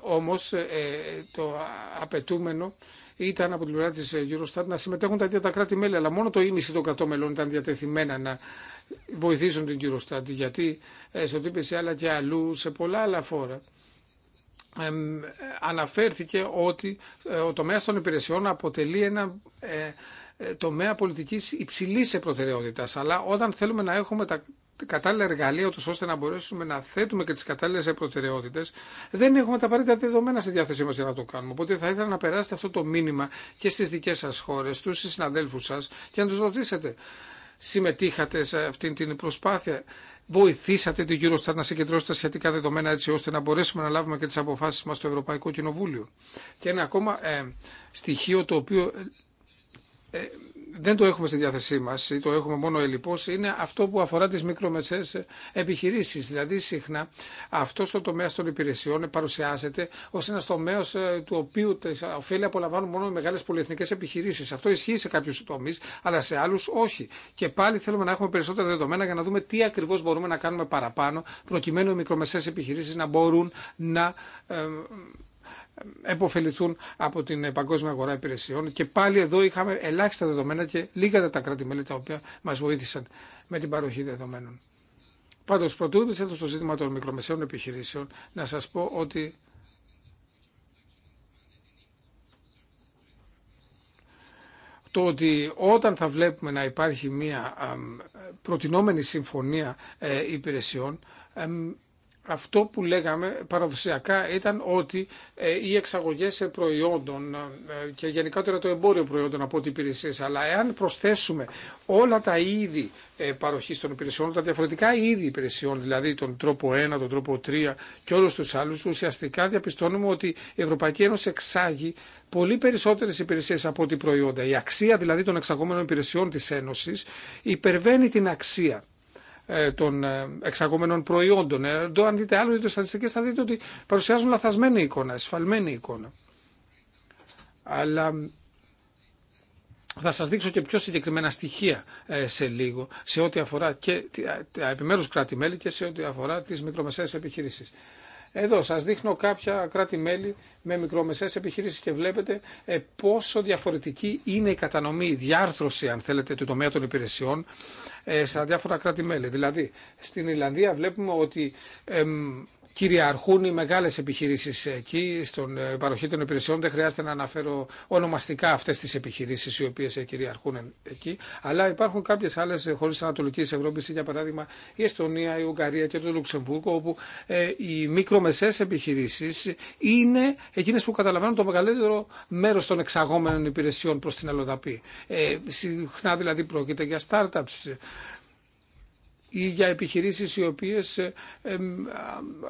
A: Όμως ε, ε, το απαιτούμενο ήταν από την πλευρά της Eurostat να συμμετέχουν τα ίδια τα κράτη-μέλη, αλλά μόνο το ίμιση των κρατών μελών ήταν διατεθειμένα να βοηθήσουν την Eurostat, γιατί ε, στο σε αλλά και αλλού σε πολλά άλλα φόρα. αναφέρθηκε ότι ο τομέας των υπηρεσιών αποτελεί ένα τομέα πολιτικής υψηλής προτεραιότητας. Αλλά όταν θέλουμε να έχουμε τα κατάλληλα εργαλεία, ώστε να μπορέσουμε να θέτουμε και τι κατάλληλε προτεραιότητε, δεν έχουμε τα απαραίτητα δεδομένα στη διάθεσή μα για να το κάνουμε. Οπότε θα ήθελα να περάσετε αυτό το μήνυμα και στι δικέ σα χώρε, στου συναδέλφου σα και να του ρωτήσετε. Συμμετείχατε σε αυτή την προσπάθεια, βοηθήσατε την Eurostat να συγκεντρώσει τα σχετικά δεδομένα έτσι ώστε να μπορέσουμε να λάβουμε και τι αποφάσει μα στο Ευρωπαϊκό Κοινοβούλιο. Και ένα ακόμα ε, στοιχείο το οποίο ε, δεν το έχουμε στη διάθεσή μα ή το έχουμε μόνο ελληπώ, είναι αυτό που αφορά τι μικρομεσαίε επιχειρήσει. Δηλαδή συχνά αυτό ο τομέα των υπηρεσιών παρουσιάζεται ω ένα τομέα ε, του οποίου τα ωφέλη απολαμβάνουν μόνο οι μεγάλες πολυεθνικές επιχειρήσεις. Αυτό ισχύει σε κάποιου τομείς αλλά σε άλλου όχι. Και πάλι θέλουμε να έχουμε περισσότερα δεδομένα για να δούμε τι ακριβώ μπορούμε να κάνουμε παραπάνω προκειμένου οι μικρομεσαίε επιχειρήσει να μπορούν να ε, εποφεληθούν από την παγκόσμια αγορά υπηρεσιών και πάλι εδώ είχαμε ελάχιστα δεδομένα και λίγα τα κράτη-μέλη τα οποία μας βοήθησαν με την παροχή δεδομένων. Πάντως, πρωτού επιστρέψω στο ζήτημα των μικρομεσαίων επιχειρήσεων, να σας πω ότι το ότι όταν θα βλέπουμε να υπάρχει μια προτινόμενη συμφωνία ε, υπηρεσιών, αυτό που λέγαμε παραδοσιακά ήταν ότι ε, οι εξαγωγές προϊόντων ε, και γενικότερα το εμπόριο προϊόντων από ό,τι υπηρεσίες, αλλά εάν προσθέσουμε όλα τα είδη ε, παροχής των υπηρεσιών, τα διαφορετικά είδη υπηρεσιών, δηλαδή τον τρόπο 1, τον τρόπο 3 και όλους τους άλλους, ουσιαστικά διαπιστώνουμε ότι η Ευρωπαϊκή Ένωση εξάγει πολύ περισσότερες υπηρεσίες από ό,τι προϊόντα. Η αξία δηλαδή των εξαγόμενων υπηρεσιών της Ένωσης υπερβαίνει την αξία ε, των ε, εξαγόμενων προϊόντων. Εδώ αν δείτε άλλο είδος στατιστικές θα δείτε ότι παρουσιάζουν λαθασμένη εικόνα, εσφαλμένη εικόνα. Αλλά θα σας δείξω και πιο συγκεκριμένα στοιχεία ε, σε λίγο, σε ό,τι αφορά και τα επιμέρους κράτη-μέλη και σε ό,τι αφορά τις μικρομεσαίες επιχειρήσεις. Εδώ σας δείχνω κάποια κράτη-μέλη με μικρομεσαίε επιχειρήσεις και βλέπετε ε, πόσο διαφορετική είναι η κατανομή, η διάρθρωση αν θέλετε του τομέα των υπηρεσιών σε διάφορα κράτη-μέλη. Δηλαδή στην Ιρλανδία βλέπουμε ότι κυριαρχούν οι μεγάλε επιχειρήσει εκεί στον ε, παροχή των υπηρεσιών. Δεν χρειάζεται να αναφέρω ονομαστικά αυτέ τι επιχειρήσει οι οποίε ε, κυριαρχούν εκεί. Αλλά υπάρχουν κάποιες άλλες ε, χώρε Ανατολική Ευρώπη, για παράδειγμα η Εστονία, η Ουγγαρία και το Λουξεμβούργο, όπου οι μικρομεσαίε επιχειρήσει είναι εκείνε που καταλαβαίνουν το μεγαλύτερο μέρο των εξαγόμενων υπηρεσιών προ την Ε, συχνά δηλαδή πρόκειται για startups ή για επιχειρήσεις οι οποίες ε,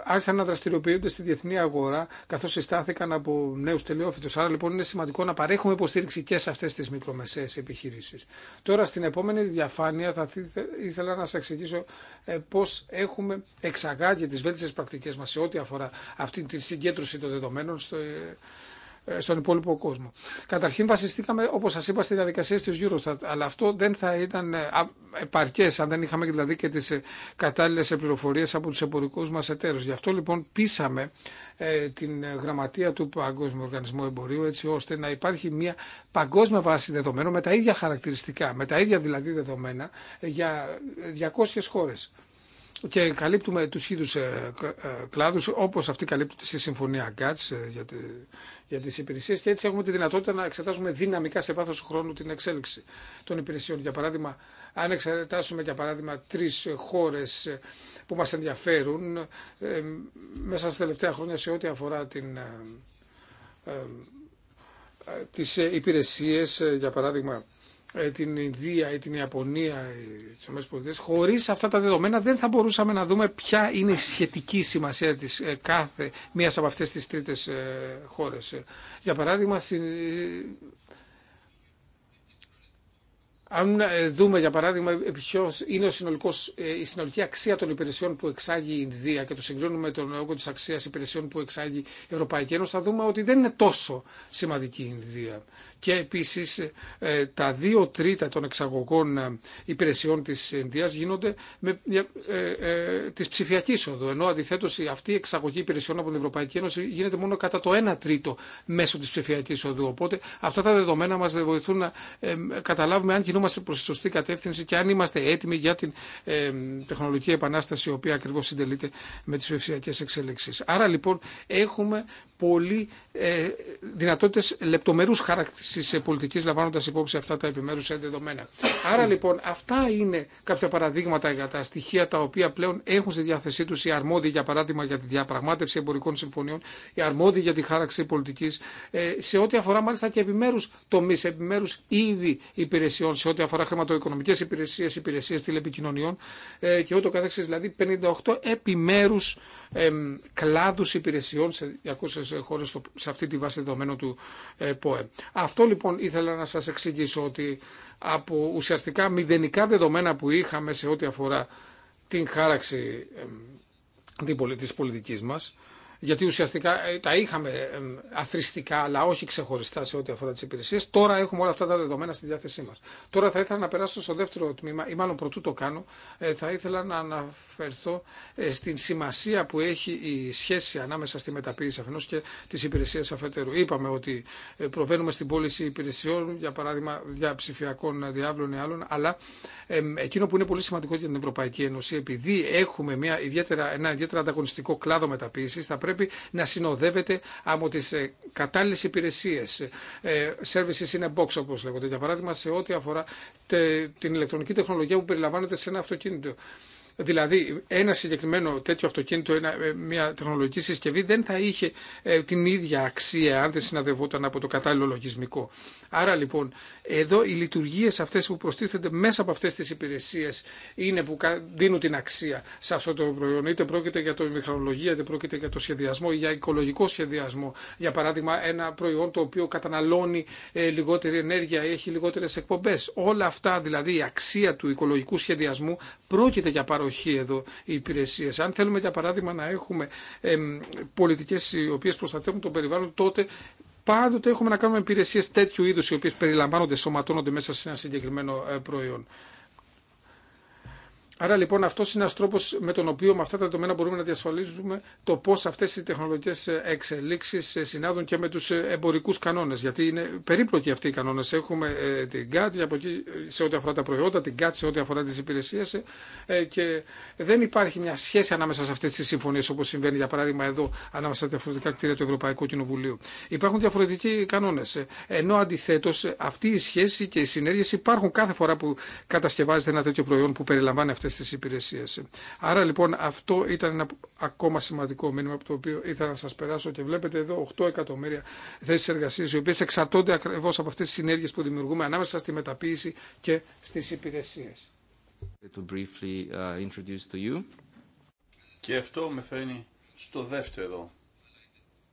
A: άρχισαν να δραστηριοποιούνται στη διεθνή αγορά καθώς συστάθηκαν από νέους τελειόφυτους. Άρα λοιπόν είναι σημαντικό να παρέχουμε υποστήριξη και σε αυτές τις μικρομεσαίες επιχειρήσεις. Τώρα στην επόμενη διαφάνεια θα ήθελα να σας εξηγήσω ε, πώς έχουμε εξαγάγει τις βέλτιστες πρακτικές μας σε ό,τι αφορά αυτή τη συγκέντρωση των δεδομένων ε, ε, στον υπόλοιπο κόσμο. Καταρχήν βασιστήκαμε, όπω σα είπα, στη διαδικασία τη Eurostat, αλλά αυτό δεν θα ήταν ε, επαρκέ αν δεν είχαμε δηλαδή και τι ε, κατάλληλε πληροφορίε από του εμπορικού μα εταίρου. Γι' αυτό λοιπόν πείσαμε την γραμματεία του Παγκόσμιου Οργανισμού Εμπορίου, έτσι ώστε να υπάρχει μια παγκόσμια βάση δεδομένων με τα ίδια χαρακτηριστικά, με τα ίδια δηλαδή δεδομένα για 200 χώρε και καλύπτουμε τους ίδιους ε, ε, κλάδους όπως αυτοί καλύπτουν στη Συμφωνία GATS ε, για, για τις υπηρεσίες και έτσι έχουμε τη δυνατότητα να εξετάσουμε δυναμικά σε βάθος χρόνου την εξέλιξη των υπηρεσιών. Για παράδειγμα, αν εξετάσουμε για παράδειγμα τρεις χώρες που μας ενδιαφέρουν μέσα στα τελευταία χρόνια σε ό,τι αφορά την, τις υπηρεσίες, για παράδειγμα ε, την Ινδία ή την Ιαπωνία ή τις ΗΠΑ, χωρί αυτά τα δεδομένα δεν θα μπορούσαμε να δούμε ποια είναι η σχετική σημασία της ε, κάθε μίας από αυτές τις τρίτες ε, χώρες. Για παράδειγμα, αν δούμε για παράδειγμα ποιο είναι ο συνολικός, η συνολική αξία των υπηρεσιών που εξάγει η Ινδία και το συγκρίνουμε με τον όγκο της αξίας υπηρεσιών που εξάγει η Ευρωπαϊκή Ένωση, θα δούμε ότι δεν είναι τόσο σημαντική η Ινδία και επίσης ε, τα δύο τρίτα των εξαγωγών ε, υπηρεσιών της Ινδίας γίνονται με, ε, της ψηφιακής οδού, ενώ αντιθέτως αυτή η εξαγωγή υπηρεσιών από την Ευρωπαϊκή Ένωση γίνεται μόνο κατά το 1 τρίτο μέσω της ψηφιακής οδού. Οπότε αυτά τα δεδομένα μας βοηθούν να καταλάβουμε αν κινούμαστε προς τη σωστή κατεύθυνση και αν είμαστε έτοιμοι για την τεχνολογική επανάσταση η οποία ακριβώς συντελείται με τις ψηφιακές εξέλιξεις. Άρα λοιπόν έχουμε πολύ δυνατότητες λεπτομερούς χαράκτη τη ε, πολιτική λαμβάνοντα υπόψη αυτά τα επιμέρου ενδεδομένα. Άρα λοιπόν αυτά είναι κάποια παραδείγματα για τα στοιχεία τα οποία πλέον έχουν στη διάθεσή του οι αρμόδιοι για παράδειγμα για τη διαπραγμάτευση εμπορικών συμφωνιών, οι αρμόδιοι για τη χάραξη πολιτική, ε, σε ό,τι αφορά μάλιστα και επιμέρου τομεί, επιμέρου είδη υπηρεσιών, σε ό,τι αφορά χρηματοοικονομικέ υπηρεσίε, υπηρεσίε τηλεπικοινωνιών ε, και ούτω καθεξή. Δηλαδή 58 επιμέρου κλάδους υπηρεσιών σε 200 χώρε σε αυτή τη βάση δεδομένων του ε, ΠΟΕ. Αυτό λοιπόν ήθελα να σα εξηγήσω ότι από ουσιαστικά μηδενικά δεδομένα που είχαμε σε ό,τι αφορά την χάραξη της πολιτικής μας γιατί ουσιαστικά ε, τα είχαμε αθρηστικά, αλλά όχι ξεχωριστά σε ό,τι αφορά τι υπηρεσίε. Τώρα έχουμε όλα αυτά τα δεδομένα στη διάθεσή μα. Τώρα θα ήθελα να περάσω στο δεύτερο τμήμα, ή μάλλον προτού το κάνω, ε, θα ήθελα να αναφερθώ ε, στην σημασία που έχει η σχέση ανάμεσα στη μεταποίηση αφενό και τι υπηρεσία αφετέρου. Είπαμε ότι προβαίνουμε στην πώληση υπηρεσιών, για παράδειγμα, για ψηφιακών διάβλων ή άλλων, αλλά εκείνο που είναι πολύ σημαντικό για την Ευρωπαϊκή Ένωση, επειδή έχουμε μια ιδιαίτερα, ένα ιδιαίτερα ανταγωνιστικό κλάδο μεταποίηση, πρέπει να συνοδεύεται από τι ε, κατάλληλε υπηρεσίε ε, services in box όπως λέγονται, για παράδειγμα σε ό,τι αφορά την ηλεκτρονική τεχνολογία που περιλαμβάνεται σε ένα αυτοκίνητο. Δηλαδή, ένα συγκεκριμένο τέτοιο αυτοκίνητο, ε, μια τεχνολογική συσκευή δεν θα είχε ε, την ίδια αξία αν δεν συναδευόταν από το κατάλληλο λογισμικό. Άρα λοιπόν, εδώ οι λειτουργίε αυτέ που προστίθενται μέσα από αυτέ τι υπηρεσίε είναι που δίνουν την αξία σε αυτό το προϊόν. Είτε πρόκειται για το μηχανολογία, είτε πρόκειται για το σχεδιασμό, για οικολογικό σχεδιασμό. Για παράδειγμα, ένα προϊόν το οποίο καταναλώνει ε, λιγότερη ενέργεια ή έχει λιγότερε εκπομπέ. Όλα αυτά δηλαδή η αξία του οικολογικού σχεδιασμού πρόκειται για παράδειγμα παροχή οι Αν θέλουμε, για παράδειγμα, να έχουμε πολιτικέ οι οποίε προστατεύουν τον περιβάλλον, τότε πάντοτε έχουμε να κάνουμε υπηρεσίε τέτοιου είδου οι οποίε περιλαμβάνονται, σωματώνονται μέσα σε ένα συγκεκριμένο ε, προϊόν. Άρα λοιπόν αυτό είναι ένα τρόπο με τον οποίο με αυτά τα δεδομένα μπορούμε να διασφαλίζουμε το πώ αυτέ οι τεχνολογικέ εξελίξει συνάδουν και με του εμπορικού κανόνε. Γιατί είναι περίπλοκοι αυτοί οι κανόνε. Έχουμε ε, την ΚΑΤ σε ό,τι αφορά τα προϊόντα, την ΚΑΤ σε ό,τι αφορά τι υπηρεσίε ε, ε, και δεν υπάρχει μια σχέση ανάμεσα σε αυτέ τι συμφωνίε όπω συμβαίνει για παράδειγμα εδώ ανάμεσα στα διαφορετικά κτίρια του Ευρωπαϊκού Κοινοβουλίου. Υπάρχουν διαφορετικοί κανόνε. Ενώ αντιθέτω αυτή η σχέση και οι συνέργειε υπάρχουν κάθε φορά που κατασκευάζεται ένα τέτοιο προϊόν που περιλαμβάνει αυτέ αυτές τις υπηρεσίες. Άρα λοιπόν αυτό ήταν ένα ακόμα σημαντικό μήνυμα από το οποίο ήθελα να σας περάσω και βλέπετε εδώ 8 εκατομμύρια θέσεις εργασίας οι οποίες εξαρτώνται ακριβώ από αυτές τις συνέργειες που δημιουργούμε ανάμεσα στη μεταποίηση και στις υπηρεσίες.
C: briefly uh, to you.
B: Και αυτό με φέρνει στο δεύτερο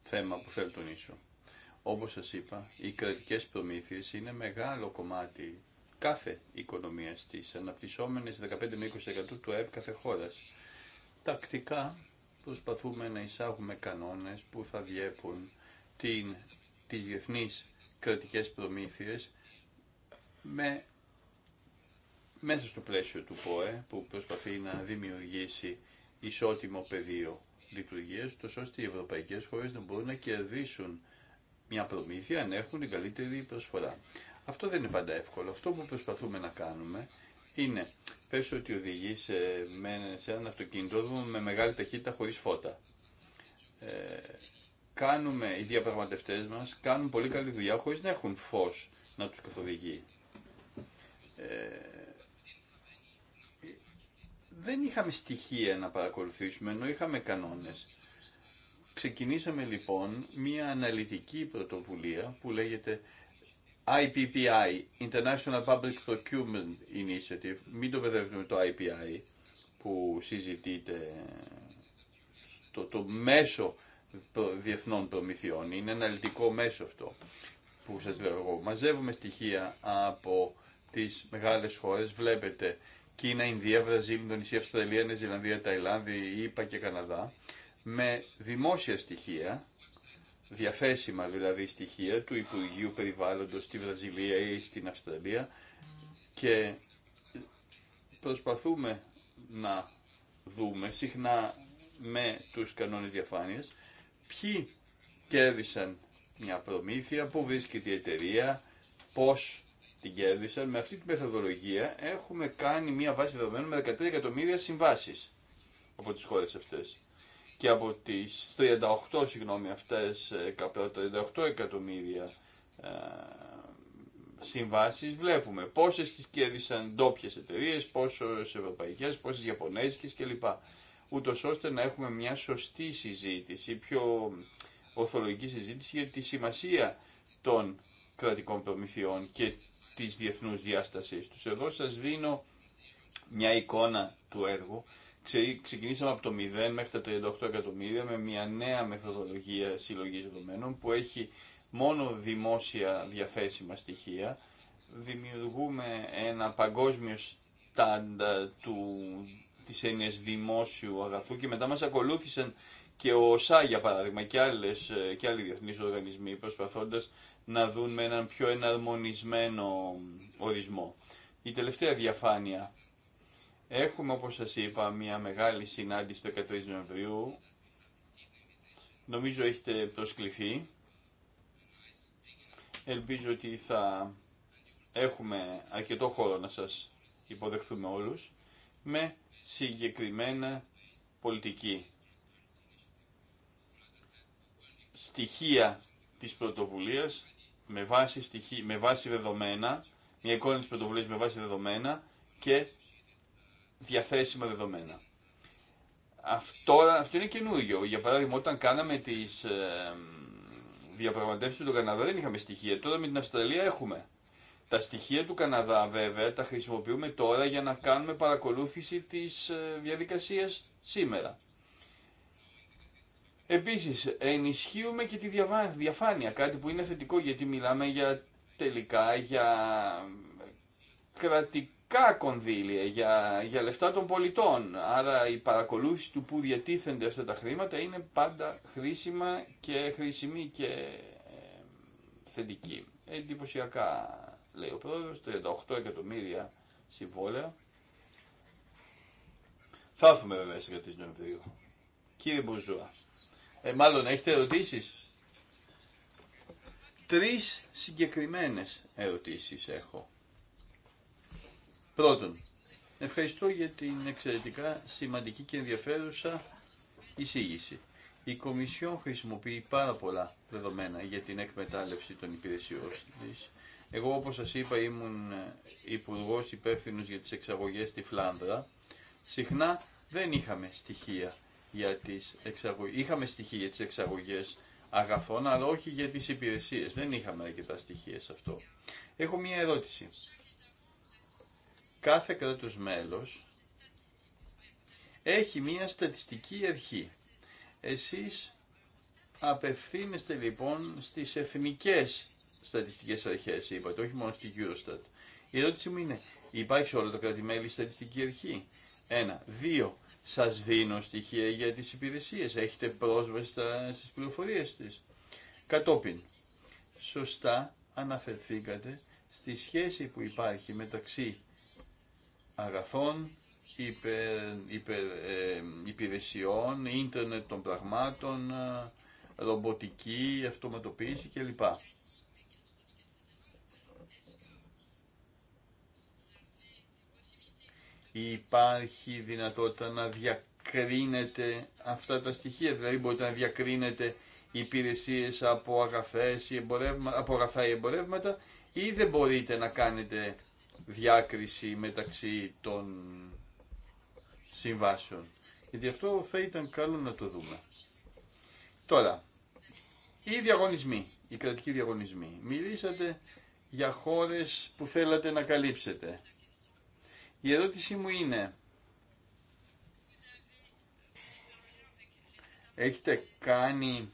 B: θέμα που θέλω τονίσω. Όπως σας είπα, οι κρατικές προμήθειες είναι μεγάλο κομμάτι κάθε οικονομία τη αναπτυσσόμενες 15 με 20% του ΑΕΠ κάθε χώρα. Τακτικά προσπαθούμε να εισάγουμε κανόνες που θα διέπουν την, τις κρατικέ κρατικές με, μέσα στο πλαίσιο του ΠΟΕ που προσπαθεί να δημιουργήσει ισότιμο πεδίο λειτουργίας τόσο ώστε οι ευρωπαϊκές χώρες να μπορούν να κερδίσουν μια προμήθεια αν έχουν την καλύτερη προσφορά. Αυτό δεν είναι πάντα εύκολο. Αυτό που προσπαθούμε να κάνουμε είναι, πες ότι οδηγεί σε, σε έναν αυτοκινητόδρομο με μεγάλη ταχύτητα χωρίς φώτα. Ε, κάνουμε, οι διαπραγματευτές μας κάνουν πολύ καλή δουλειά χωρίς να έχουν φως να τους καθοδηγεί. Ε, δεν είχαμε στοιχεία να παρακολουθήσουμε, ενώ είχαμε κανόνες. Ξεκινήσαμε λοιπόν μία αναλυτική πρωτοβουλία που λέγεται IPPI, International Public Procurement Initiative, μην το παιδεύουμε το IPI που συζητείται στο το μέσο διεθνών προμηθειών, είναι αναλυτικό μέσο αυτό που σας λέω εγώ. Μαζεύουμε στοιχεία από τις μεγάλες χώρες, βλέπετε Κίνα, Ινδία, Βραζίλ, Ινδονησία, Αυστραλία, Νέα Ζηλανδία, Ταϊλάνδη, ΙΠΑ και Καναδά, με δημόσια στοιχεία διαθέσιμα δηλαδή στοιχεία του Υπουργείου Περιβάλλοντος στη Βραζιλία ή στην Αυστραλία και προσπαθούμε να δούμε συχνά με τους κανόνες διαφάνειας ποιοι κέρδισαν μια προμήθεια, πού βρίσκεται η εταιρεία, πώς την κέρδισαν. Με αυτή τη μεθοδολογία έχουμε κάνει μια βάση δεδομένων με 13 εκατομμύρια συμβάσεις από τις χώρες αυτές και από τις 38, συγγνώμη, αυτές 38 ε, εκατομμύρια ε, συμβάσεις βλέπουμε πόσες τις κέρδισαν ντόπιε εταιρείε, πόσες ευρωπαϊκές, πόσες ιαπωνέζικες κλπ. Ούτω ώστε να έχουμε μια σωστή συζήτηση, πιο οθολογική συζήτηση για τη σημασία των κρατικών προμηθειών και της διεθνούς διάστασης τους. Εδώ σας δίνω μια εικόνα του έργου ξεκινήσαμε από το 0 μέχρι τα 38 εκατομμύρια με μια νέα μεθοδολογία συλλογής δεδομένων που έχει μόνο δημόσια διαθέσιμα στοιχεία. Δημιουργούμε ένα παγκόσμιο στάντα του, της έννοιας δημόσιου αγαθού και μετά μας ακολούθησαν και ο ΩΣΑ για παράδειγμα και, άλλες, και άλλοι διεθνείς οργανισμοί προσπαθώντας να δουν με έναν πιο εναρμονισμένο ορισμό. Η τελευταία διαφάνεια Έχουμε, όπως σας είπα, μια μεγάλη συνάντηση 13 Νοεμβρίου. Νομίζω έχετε προσκληθεί. Ελπίζω ότι θα έχουμε αρκετό χώρο να σας υποδεχθούμε όλους με συγκεκριμένα πολιτική στοιχεία της πρωτοβουλίας με βάση, στοιχεία, με βάση δεδομένα, μια εικόνα της πρωτοβουλίας με βάση δεδομένα και διαθέσιμα δεδομένα. Αυτό, αυτό είναι καινούριο. Για παράδειγμα, όταν κάναμε τι ε, διαπραγματεύσεις του Καναδά δεν είχαμε στοιχεία. Τώρα με την Αυστραλία έχουμε. Τα στοιχεία του Καναδά βέβαια τα χρησιμοποιούμε τώρα για να κάνουμε παρακολούθηση της ε, διαδικασία σήμερα. Επίση, ενισχύουμε και τη διαφάνεια, κάτι που είναι θετικό γιατί μιλάμε για τελικά για κρατικό ιδιωτικά κονδύλια, για, για λεφτά των πολιτών. Άρα η παρακολούθηση του που διατίθενται αυτά τα χρήματα είναι πάντα χρήσιμα και χρήσιμη και ε, θετική. Εντυπωσιακά λέει ο πρόεδρος, 38 εκατομμύρια συμβόλαια. Θα έρθουμε βέβαια στις 13 Νοεμβρίου. Κύριε Μπουζούα, ε, μάλλον έχετε ερωτήσεις. Τρεις συγκεκριμένες ερωτήσεις έχω. Πρώτον, ευχαριστώ για την εξαιρετικά σημαντική και ενδιαφέρουσα εισήγηση. Η Κομισιόν χρησιμοποιεί πάρα πολλά δεδομένα για την εκμετάλλευση των υπηρεσιών τη. Εγώ, όπως σας είπα, ήμουν υπουργό υπεύθυνο για τις εξαγωγές στη Φλάνδρα. Συχνά δεν είχαμε στοιχεία για τις εξαγωγές. Είχαμε στοιχεία για τις εξαγωγές αγαθών, αλλά όχι για τις υπηρεσίες. Δεν είχαμε αρκετά στοιχεία σε αυτό. Έχω μία ερώτηση κάθε κράτος μέλος έχει μία στατιστική αρχή. Εσείς απευθύνεστε λοιπόν στις εθνικές στατιστικές αρχές, είπατε, όχι μόνο στη Eurostat. Η ερώτηση μου είναι, υπάρχει σε όλα τα κράτη-μέλη στατιστική αρχή. Ένα. Δύο. Σας δίνω στοιχεία για τις υπηρεσίες. Έχετε πρόσβαση στις πληροφορίες της. Κατόπιν, σωστά αναφερθήκατε στη σχέση που υπάρχει μεταξύ αγαθών, υπερ, ε, υπηρεσιών, ίντερνετ των πραγμάτων, ε, ρομποτική, αυτοματοποίηση κλπ. Υπάρχει δυνατότητα να διακρίνετε αυτά τα στοιχεία, δηλαδή μπορείτε να διακρίνετε υπηρεσίες από, αγαθές, από αγαθά ή εμπορεύματα ή δεν μπορείτε να κάνετε διάκριση μεταξύ των συμβάσεων. Γιατί αυτό θα ήταν καλό να το δούμε. Τώρα, οι διαγωνισμοί, οι κρατικοί διαγωνισμοί. Μιλήσατε για χώρες που θέλατε να καλύψετε. Η ερώτησή μου είναι, έχετε κάνει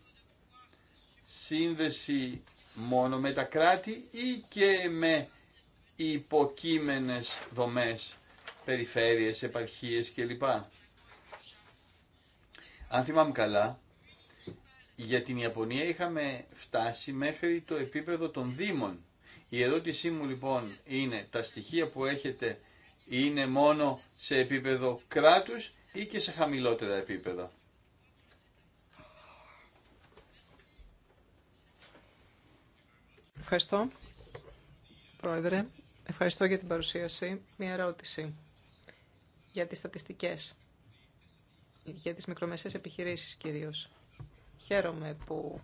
B: σύνδεση μόνο με τα κράτη ή και με υποκείμενες δομές, περιφέρειες, επαρχίες κλπ. Αν θυμάμαι καλά, για την Ιαπωνία είχαμε φτάσει μέχρι το επίπεδο των Δήμων. Η ερώτησή μου λοιπόν είναι τα στοιχεία που έχετε είναι μόνο σε επίπεδο κράτους ή και σε χαμηλότερα επίπεδα.
C: Ευχαριστώ, Πρόεδρε. Ευχαριστώ για την παρουσίαση. Μία ερώτηση για τις στατιστικές, για τις μικρομεσαίες επιχειρήσεις κυρίως. Χαίρομαι που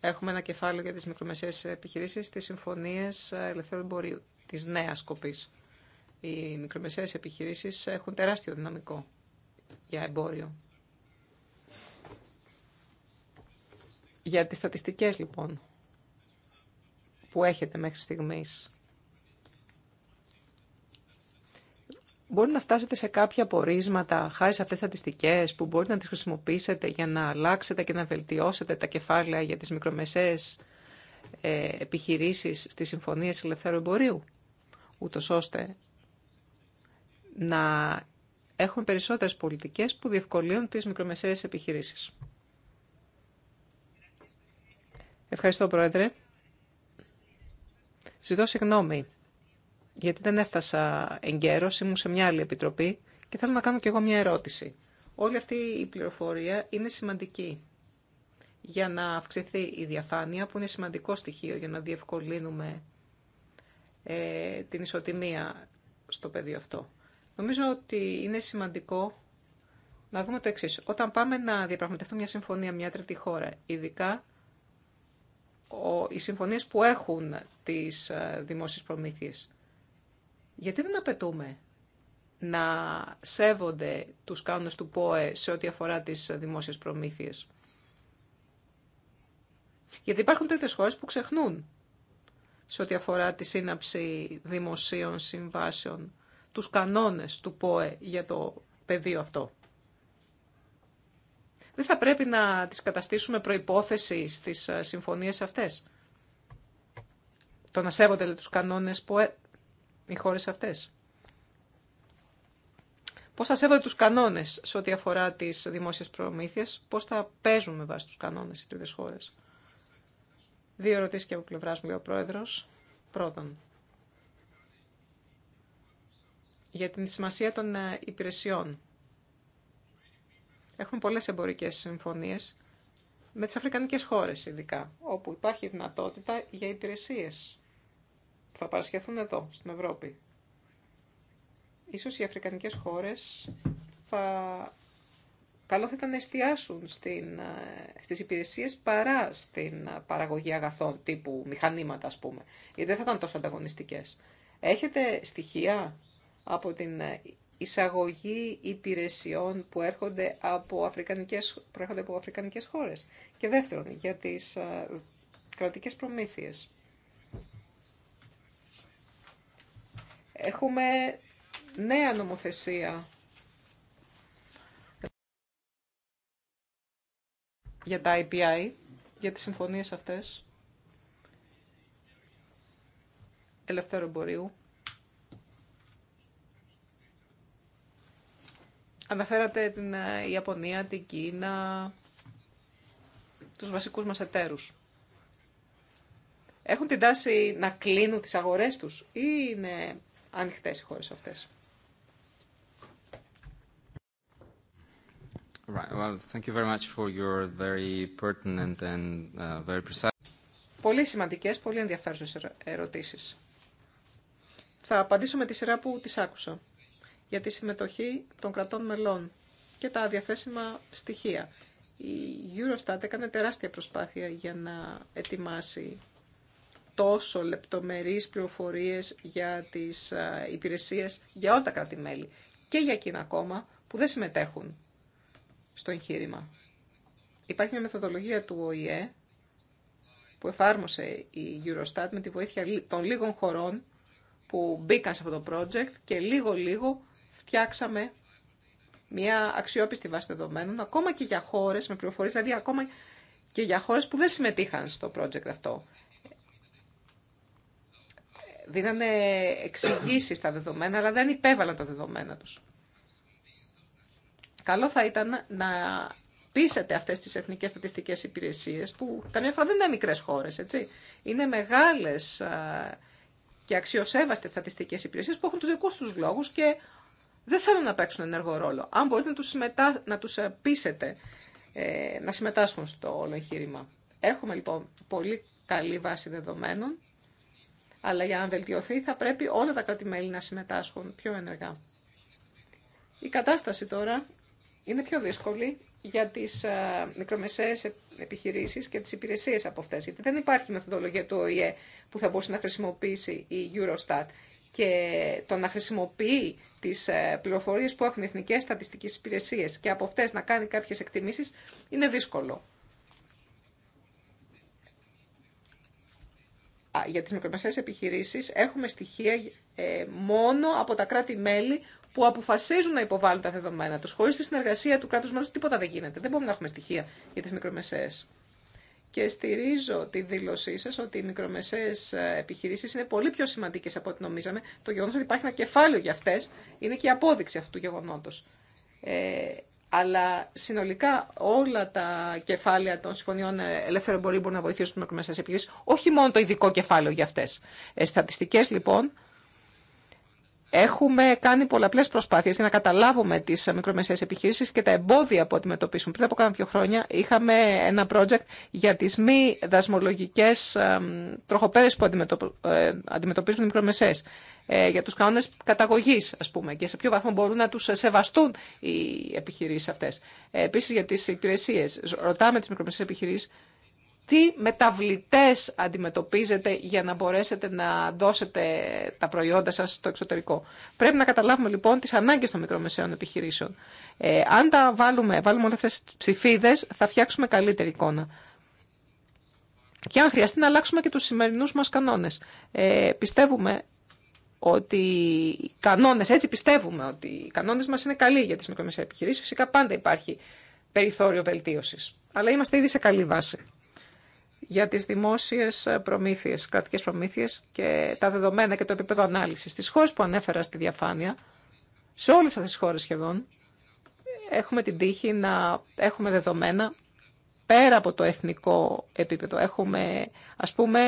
C: έχουμε ένα κεφάλαιο για τις μικρομεσαίες επιχειρήσεις στις συμφωνίες ελευθερών εμπορίου της νέας κοπής. Οι μικρομεσαίες επιχειρήσεις έχουν τεράστιο δυναμικό για εμπόριο. Για τις στατιστικές λοιπόν που έχετε μέχρι στιγμής μπορεί να φτάσετε σε κάποια πορίσματα χάρη σε αυτές τις στατιστικές που μπορείτε να τις χρησιμοποιήσετε για να αλλάξετε και να βελτιώσετε τα κεφάλαια για τις μικρομεσαίες ε, επιχειρήσεις στις συμφωνίες ελευθέρου εμπορίου, ούτω ώστε να έχουμε περισσότερες πολιτικές που διευκολύνουν τις μικρομεσαίες επιχειρήσεις. Ευχαριστώ, Πρόεδρε. Ζητώ συγγνώμη γιατί δεν έφτασα εγκαίρως, ήμουν σε μια άλλη επιτροπή και θέλω να κάνω κι εγώ μια ερώτηση. Όλη αυτή η πληροφορία είναι σημαντική για να αυξηθεί η διαφάνεια, που είναι σημαντικό στοιχείο για να διευκολύνουμε ε, την ισοτιμία στο πεδίο αυτό. Νομίζω ότι είναι σημαντικό να δούμε το εξή. Όταν πάμε να διαπραγματευτούμε μια συμφωνία μια τρίτη χώρα, ειδικά οι συμφωνίες που έχουν τις ε, δημόσιες προμήθειες. Γιατί δεν απαιτούμε να σέβονται τους κανόνες του ΠΟΕ σε ό,τι αφορά τις δημόσιες προμήθειες. Γιατί υπάρχουν τέτοιες χώρες που ξεχνούν σε ό,τι αφορά τη σύναψη δημοσίων συμβάσεων, τους κανόνες του ΠΟΕ για το πεδίο αυτό. Δεν θα πρέπει να τις καταστήσουμε προϋπόθεση στις ε, συμφωνίες αυτές. Το να σέβονται τους κανόνες ΠΟΕ οι χώρες αυτές. Πώς θα σέβονται τους κανόνες σε ό,τι αφορά τις δημόσιες προμήθειες, πώς θα παίζουν με βάση τους κανόνες οι τρίτες χώρες. Δύο ερωτήσεις και από πλευρά μου, λέει ο Πρόεδρος. Πρώτον, για την σημασία των ε, υπηρεσιών. Έχουμε πολλές εμπορικές συμφωνίες με τις αφρικανικές χώρες ειδικά, όπου υπάρχει δυνατότητα για υπηρεσίες που θα παρασχεθούν εδώ, στην Ευρώπη. Ίσως οι αφρικανικές χώρες θα... Καλό θα ήταν να εστιάσουν στην, ε, στις υπηρεσίες παρά στην ε, παραγωγή αγαθών τύπου μηχανήματα ας πούμε. Γιατί δεν θα ήταν τόσο ανταγωνιστικές. Έχετε στοιχεία από την ε, εισαγωγή υπηρεσιών που έρχονται από αφρικανικές, προέρχονται από αφρικανικές χώρες. Και δεύτερον, για τις κρατικές προμήθειες. Έχουμε νέα νομοθεσία για τα IPI, για τις συμφωνίες αυτές ελευθέρου εμπορίου. Αναφέρατε την ε, Ιαπωνία, την Κίνα, τους βασικούς μας εταίρους. Έχουν την τάση να κλείνουν τις αγορές τους ή είναι Ανοιχτέ οι χώρε αυτές. Πολύ σημαντικές, πολύ ενδιαφέρουσε ερωτήσεις. Θα απαντήσω με τη σειρά που τις άκουσα για τη συμμετοχή των κρατών μελών και τα διαθέσιμα στοιχεία. Η Eurostat έκανε τεράστια προσπάθεια για να ετοιμάσει τόσο λεπτομερείς πληροφορίες για τις υπηρεσίες για όλα τα κράτη-μέλη και για εκείνα ακόμα που δεν συμμετέχουν στο εγχείρημα. Υπάρχει μια μεθοδολογία του ΟΗΕ που εφάρμοσε η Eurostat με τη βοήθεια των λίγων χωρών που μπήκαν σε αυτό το project και λίγο-λίγο φτιάξαμε μια αξιόπιστη βάση δεδομένων, ακόμα και για χώρες με πληροφορίες, δηλαδή και για χώρες που δεν συμμετείχαν στο project αυτό δίνανε εξηγήσει στα δεδομένα, αλλά δεν υπέβαλαν τα δεδομένα τους. Καλό θα ήταν να πείσετε αυτές τις εθνικές στατιστικές υπηρεσίες, που καμιά φορά δεν είναι μικρές χώρες, έτσι. Είναι μεγάλες και αξιοσέβαστες στατιστικές υπηρεσίες που έχουν τους δικούς τους λόγους και δεν θέλουν να παίξουν ενεργό ρόλο. Αν μπορείτε να τους, να τους ε, πείσετε ε, να συμμετάσχουν στο όλο εγχείρημα. Έχουμε λοιπόν πολύ καλή βάση δεδομένων αλλά για να βελτιωθεί θα πρέπει όλα τα κράτη-μέλη να συμμετάσχουν πιο ενεργά. Η κατάσταση τώρα είναι πιο δύσκολη για τις ε, μικρομεσαίες επιχειρήσεις και τις υπηρεσίες από αυτές, γιατί δεν υπάρχει μεθοδολογία του ΟΗΕ που θα μπορούσε να χρησιμοποιήσει η Eurostat και το να χρησιμοποιεί τις ε, πληροφορίες που έχουν εθνικές στατιστικές υπηρεσίες και από αυτές να κάνει κάποιες εκτιμήσεις είναι δύσκολο. για τις μικρομεσαίες επιχειρήσεις έχουμε στοιχεία ε, μόνο από τα κράτη-μέλη που αποφασίζουν να υποβάλουν τα δεδομένα τους. Χωρίς τη συνεργασία του κράτους μέλους τίποτα δεν γίνεται. Δεν μπορούμε να έχουμε στοιχεία για τις μικρομεσαίες. Και στηρίζω τη δήλωσή σα ότι οι μικρομεσαίες ε, επιχειρήσεις είναι πολύ πιο σημαντικές από ό,τι νομίζαμε. Το γεγονός ότι υπάρχει ένα κεφάλαιο για αυτέ είναι και η απόδειξη αυτού του γεγονότος. Ε, αλλά συνολικά όλα τα κεφάλαια των συμφωνιών ελεύθερων μπορεί να βοηθήσουν μέσα σε όχι μόνο το ειδικό κεφάλαιο για αυτέ. Ε, λοιπόν Έχουμε κάνει πολλαπλέ προσπάθειε για να καταλάβουμε τι μικρομεσαίε επιχειρήσει και τα εμπόδια που αντιμετωπίσουν. Πριν από κάνα δύο χρόνια είχαμε ένα project για τι μη δασμολογικέ τροχοπέδε που ε, αντιμετωπίζουν οι μικρομεσαίε. Ε, για του κανόνε καταγωγή, α πούμε, και σε ποιο βαθμό μπορούν να του σεβαστούν οι επιχειρήσει αυτέ. Ε, Επίση για τι υπηρεσίε. Ρωτάμε τι μικρομεσαίε επιχειρήσει τι μεταβλητές αντιμετωπίζετε για να μπορέσετε να δώσετε τα προϊόντα σας στο εξωτερικό. Πρέπει να καταλάβουμε λοιπόν τις ανάγκες των μικρομεσαίων επιχειρήσεων. Ε, αν τα βάλουμε, βάλουμε όλες αυτές τις ψηφίδες, θα φτιάξουμε καλύτερη εικόνα. Και αν χρειαστεί να αλλάξουμε και τους σημερινούς μας κανόνες. Ε, πιστεύουμε ότι οι κανόνες, έτσι πιστεύουμε ότι οι κανόνες μας είναι καλοί για τις μικρομεσαίες επιχειρήσεις. Φυσικά πάντα υπάρχει περιθώριο βελτίωσης. Αλλά είμαστε ήδη σε καλή βάση για τις δημόσιες προμήθειες, κρατικές προμήθειες και τα δεδομένα και το επίπεδο ανάλυσης. Στις χώρες που ανέφερα στη διαφάνεια, σε όλες αυτές τις χώρες σχεδόν, έχουμε την τύχη να έχουμε δεδομένα πέρα από το εθνικό επίπεδο. Έχουμε, ας πούμε,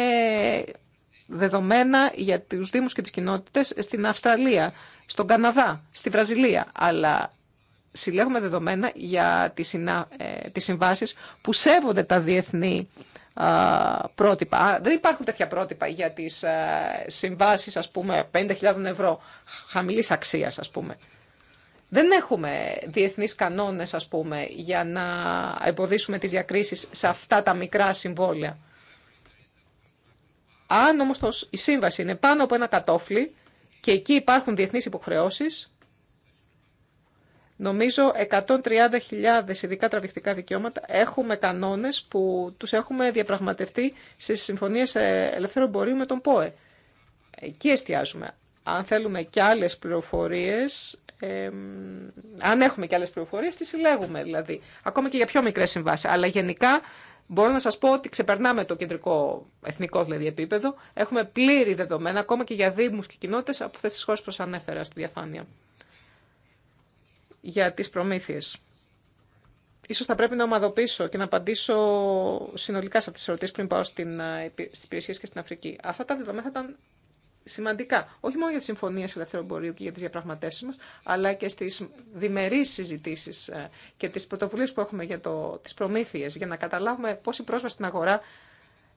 C: δεδομένα για τους Δήμους και τις κοινότητες στην Αυστραλία, στον Καναδά, στη Βραζιλία. Αλλά συλλέγουμε δεδομένα για τις, ε, συμβάσεις που σέβονται τα διεθνή πρότυπα. Δεν υπάρχουν τέτοια πρότυπα για τις συμβάσεις, ας πούμε, 50.000 ευρώ χαμηλή αξία, ας πούμε. Δεν έχουμε διεθνείς κανόνες, ας πούμε, για να εμποδίσουμε τις διακρίσεις σε αυτά τα μικρά συμβόλαια. Αν όμως η σύμβαση είναι πάνω από ένα κατόφλι και εκεί υπάρχουν διεθνείς υποχρεώσεις, Νομίζω 130.000 ειδικά τραβηχτικά δικαιώματα έχουμε κανόνες που τους έχουμε διαπραγματευτεί στις συμφωνίες ε, ελευθερών εμπορίου με τον ΠΟΕ. Εκεί εστιάζουμε. Αν θέλουμε και άλλες πληροφορίες, ε, αν έχουμε και άλλες πληροφορίες, τις συλλέγουμε δηλαδή. Ακόμα και για πιο μικρές συμβάσεις. Αλλά γενικά μπορώ να σας πω ότι ξεπερνάμε το κεντρικό εθνικό δηλαδή επίπεδο. Έχουμε πλήρη δεδομένα ακόμα και για δήμους και κοινότητες από αυτές τις χώρες που σας ανέφερα στη διαφάνεια για τις προμήθειες. Ίσως θα πρέπει να ομαδοποιήσω και να απαντήσω συνολικά σε αυτές τις ερωτήσεις πριν πάω στην, ε, στις υπηρεσίες και στην Αφρική. Αυτά τα δεδομένα θα ήταν σημαντικά, όχι μόνο για τις συμφωνίες ελευθερών εμπορίου και για τις διαπραγματεύσεις μας, αλλά και στις διμερείς συζητήσεις ε, και τις πρωτοβουλίες που έχουμε για το, τις προμήθειες, για να καταλάβουμε πώς η πρόσβαση στην αγορά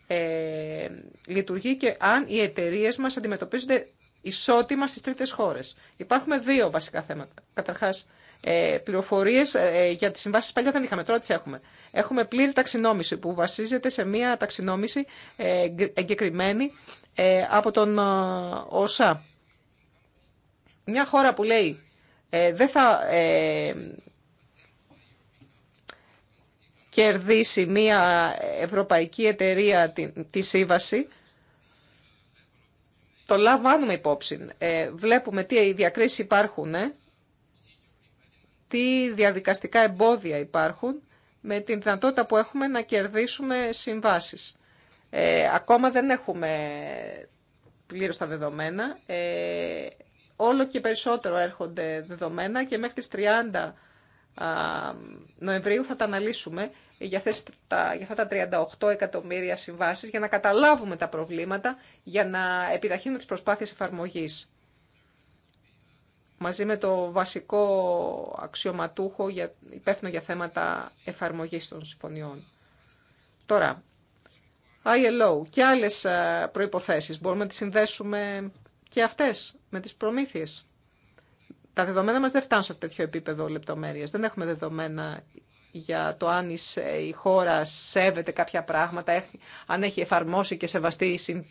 C: ε, λειτουργεί και αν οι εταιρείε μας αντιμετωπίζονται ισότιμα στις τρίτες χώρες. Υπάρχουν δύο βασικά θέματα. Καταρχάς, ε, πληροφορίε ε, για τι συμβάσει παλιά δεν είχαμε, τώρα τι έχουμε. Έχουμε πλήρη ταξινόμηση που βασίζεται σε μια ταξινόμηση ε, εγκεκριμένη ε, από τον ΟΣΑ. Μια χώρα που λέει δεν θα κερδίσει μια ευρωπαϊκή εταιρεία τη σύμβαση, το λαμβάνουμε υπόψη. βλέπουμε τι διακρίσεις υπάρχουν τι διαδικαστικά εμπόδια υπάρχουν με την δυνατότητα που έχουμε να κερδίσουμε συμβάσεις. Ε, ακόμα δεν έχουμε πλήρως τα δεδομένα. Ε, όλο και περισσότερο έρχονται δεδομένα και μέχρι τις 30 Νοεμβρίου θα τα αναλύσουμε για, τα, για αυτά τα 38 εκατομμύρια συμβάσεις για να καταλάβουμε τα προβλήματα, για να επιταχύνουμε τις προσπάθειες εφαρμογής μαζί με το βασικό αξιωματούχο για, υπεύθυνο για θέματα εφαρμογής των συμφωνιών. Τώρα, ILO και άλλες ε, προϋποθέσεις μπορούμε να τις συνδέσουμε και αυτές με τις προμήθειες. Τα δεδομένα μας δεν φτάνουν σε τέτοιο επίπεδο λεπτομέρειας. Δεν έχουμε δεδομένα για το αν η χώρα σέβεται κάποια πράγματα, αν έχει εφαρμόσει και σεβαστεί οι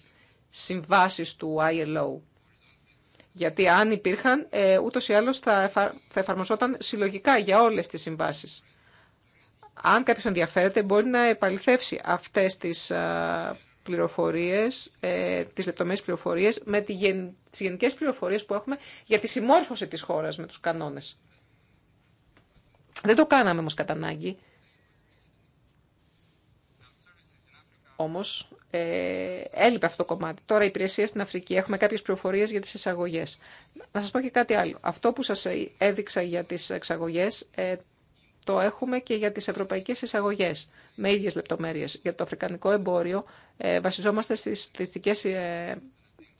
C: συμβάσεις του ILO. Γιατί αν υπήρχαν, ε, ούτως ή άλλως θα, εφαρμοζόταν συλλογικά για όλες τις συμβάσεις. Αν κάποιος ενδιαφέρεται, μπορεί να επαληθεύσει αυτές τις α, ε, πληροφορίες, ε, τις λεπτομέρειες πληροφορίες, με τις γενικές πληροφορίες που έχουμε για τη συμμόρφωση της χώρας με τους κανόνες. Δεν το κάναμε όμως κατά ανάγκη. Όμω, ε, έλειπε αυτό το κομμάτι. Τώρα η υπηρεσία στην Αφρική, έχουμε κάποιες πληροφορίε για τις εισαγωγέ. Να σας πω και κάτι άλλο. Αυτό που σας έδειξα για τις εξαγωγέ ε, το έχουμε και για τις ευρωπαϊκές εισαγωγέ με ίδιε λεπτομέρειες. Για το αφρικανικό εμπόριο ε, βασιζόμαστε στις στατιστικέ ε,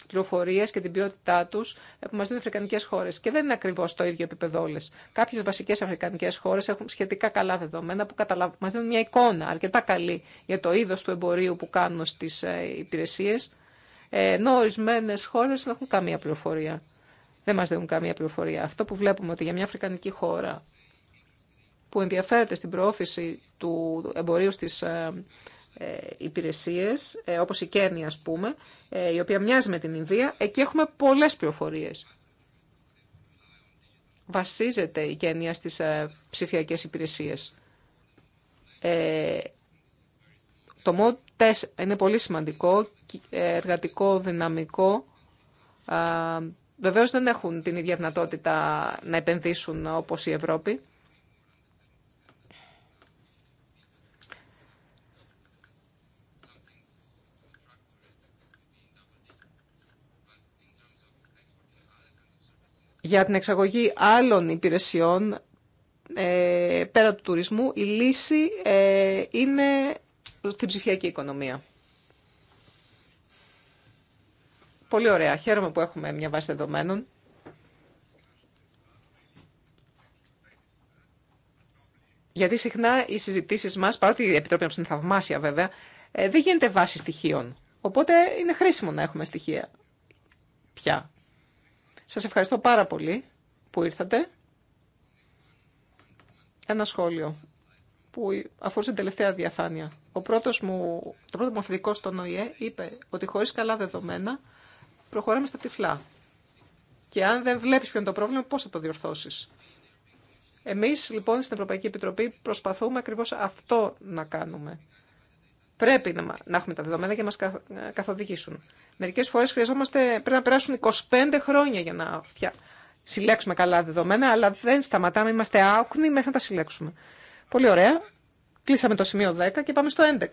C: πληροφορίε και την ποιότητά του ε, που μα δίνουν αφρικανικέ χώρε. Και δεν είναι ακριβώ το ίδιο επίπεδο όλε. Κάποιε βασικέ αφρικανικέ χώρε έχουν σχετικά καλά δεδομένα που καταλαβα... μα δίνουν μια εικόνα αρκετά καλή για το είδο του εμπορίου που κάνουν στι ε, υπηρεσίε, ε, ενώ ορισμένε χώρε δεν έχουν καμία πληροφορία. Δεν μα δίνουν καμία πληροφορία. Αυτό που βλέπουμε ότι για μια αφρικανική χώρα που ενδιαφέρεται στην προώθηση του εμπορίου στις ε, υπηρεσίες, ε, όπως η Κένια ας πούμε, ε, η οποία μοιάζει με την Ινδία, εκεί έχουμε πολλές πληροφορίες. Βασίζεται η Κένια στις ψηφιακές υπηρεσίες. Το ΜΟΤ είναι πολύ σημαντικό, εργατικό, δυναμικό. Βεβαίως δεν έχουν την ίδια δυνατότητα να επενδύσουν όπως η Ευρώπη. για την εξαγωγή άλλων υπηρεσιών ε, πέρα του τουρισμού, η λύση ε, είναι στην ψηφιακή οικονομία. Πολύ ωραία. Χαίρομαι που έχουμε μια βάση δεδομένων. Γιατί συχνά οι συζητήσεις μας, παρότι η Επιτροπή είναι θαυμάσια βέβαια, ε, δεν γίνεται βάση στοιχείων. Οπότε είναι χρήσιμο να έχουμε στοιχεία πια. Σας ευχαριστώ πάρα πολύ που ήρθατε. Ένα σχόλιο που αφορούσε την τελευταία διαφάνεια. Ο πρώτος μου, το πρώτο μου αφεντικό στον ΟΗΕ είπε ότι χωρίς καλά δεδομένα προχωράμε στα τυφλά. Και αν δεν βλέπεις ποιο είναι το πρόβλημα, πώς θα το διορθώσεις. Εμείς λοιπόν στην Ευρωπαϊκή Επιτροπή προσπαθούμε ακριβώς αυτό να κάνουμε. Πρέπει να έχουμε τα δεδομένα για να μας καθοδηγήσουν. Μερικές φορές χρειαζόμαστε, πρέπει να περάσουν 25 χρόνια για να συλλέξουμε καλά δεδομένα, αλλά δεν σταματάμε, είμαστε άοκνοι μέχρι να τα συλλέξουμε. Πολύ ωραία. Κλείσαμε το σημείο 10 και πάμε στο 11.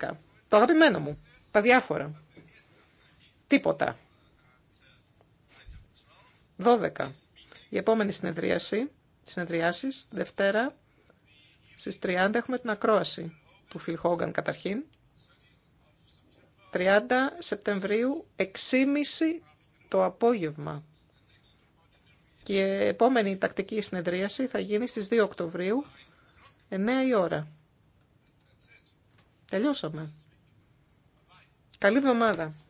C: Το αγαπημένο μου. Τα διάφορα. Τίποτα. 12. Η επόμενη συνεδρίαση, συνεδριάσεις, Δευτέρα, στις 30 έχουμε την ακρόαση του Φιλ Χόγκαν καταρχήν. 30 Σεπτεμβρίου, 6.30 το απόγευμα. Και η επόμενη τακτική συνεδρίαση θα γίνει στις 2 Οκτωβρίου, 9 η ώρα. Τελειώσαμε. Καλή εβδομάδα.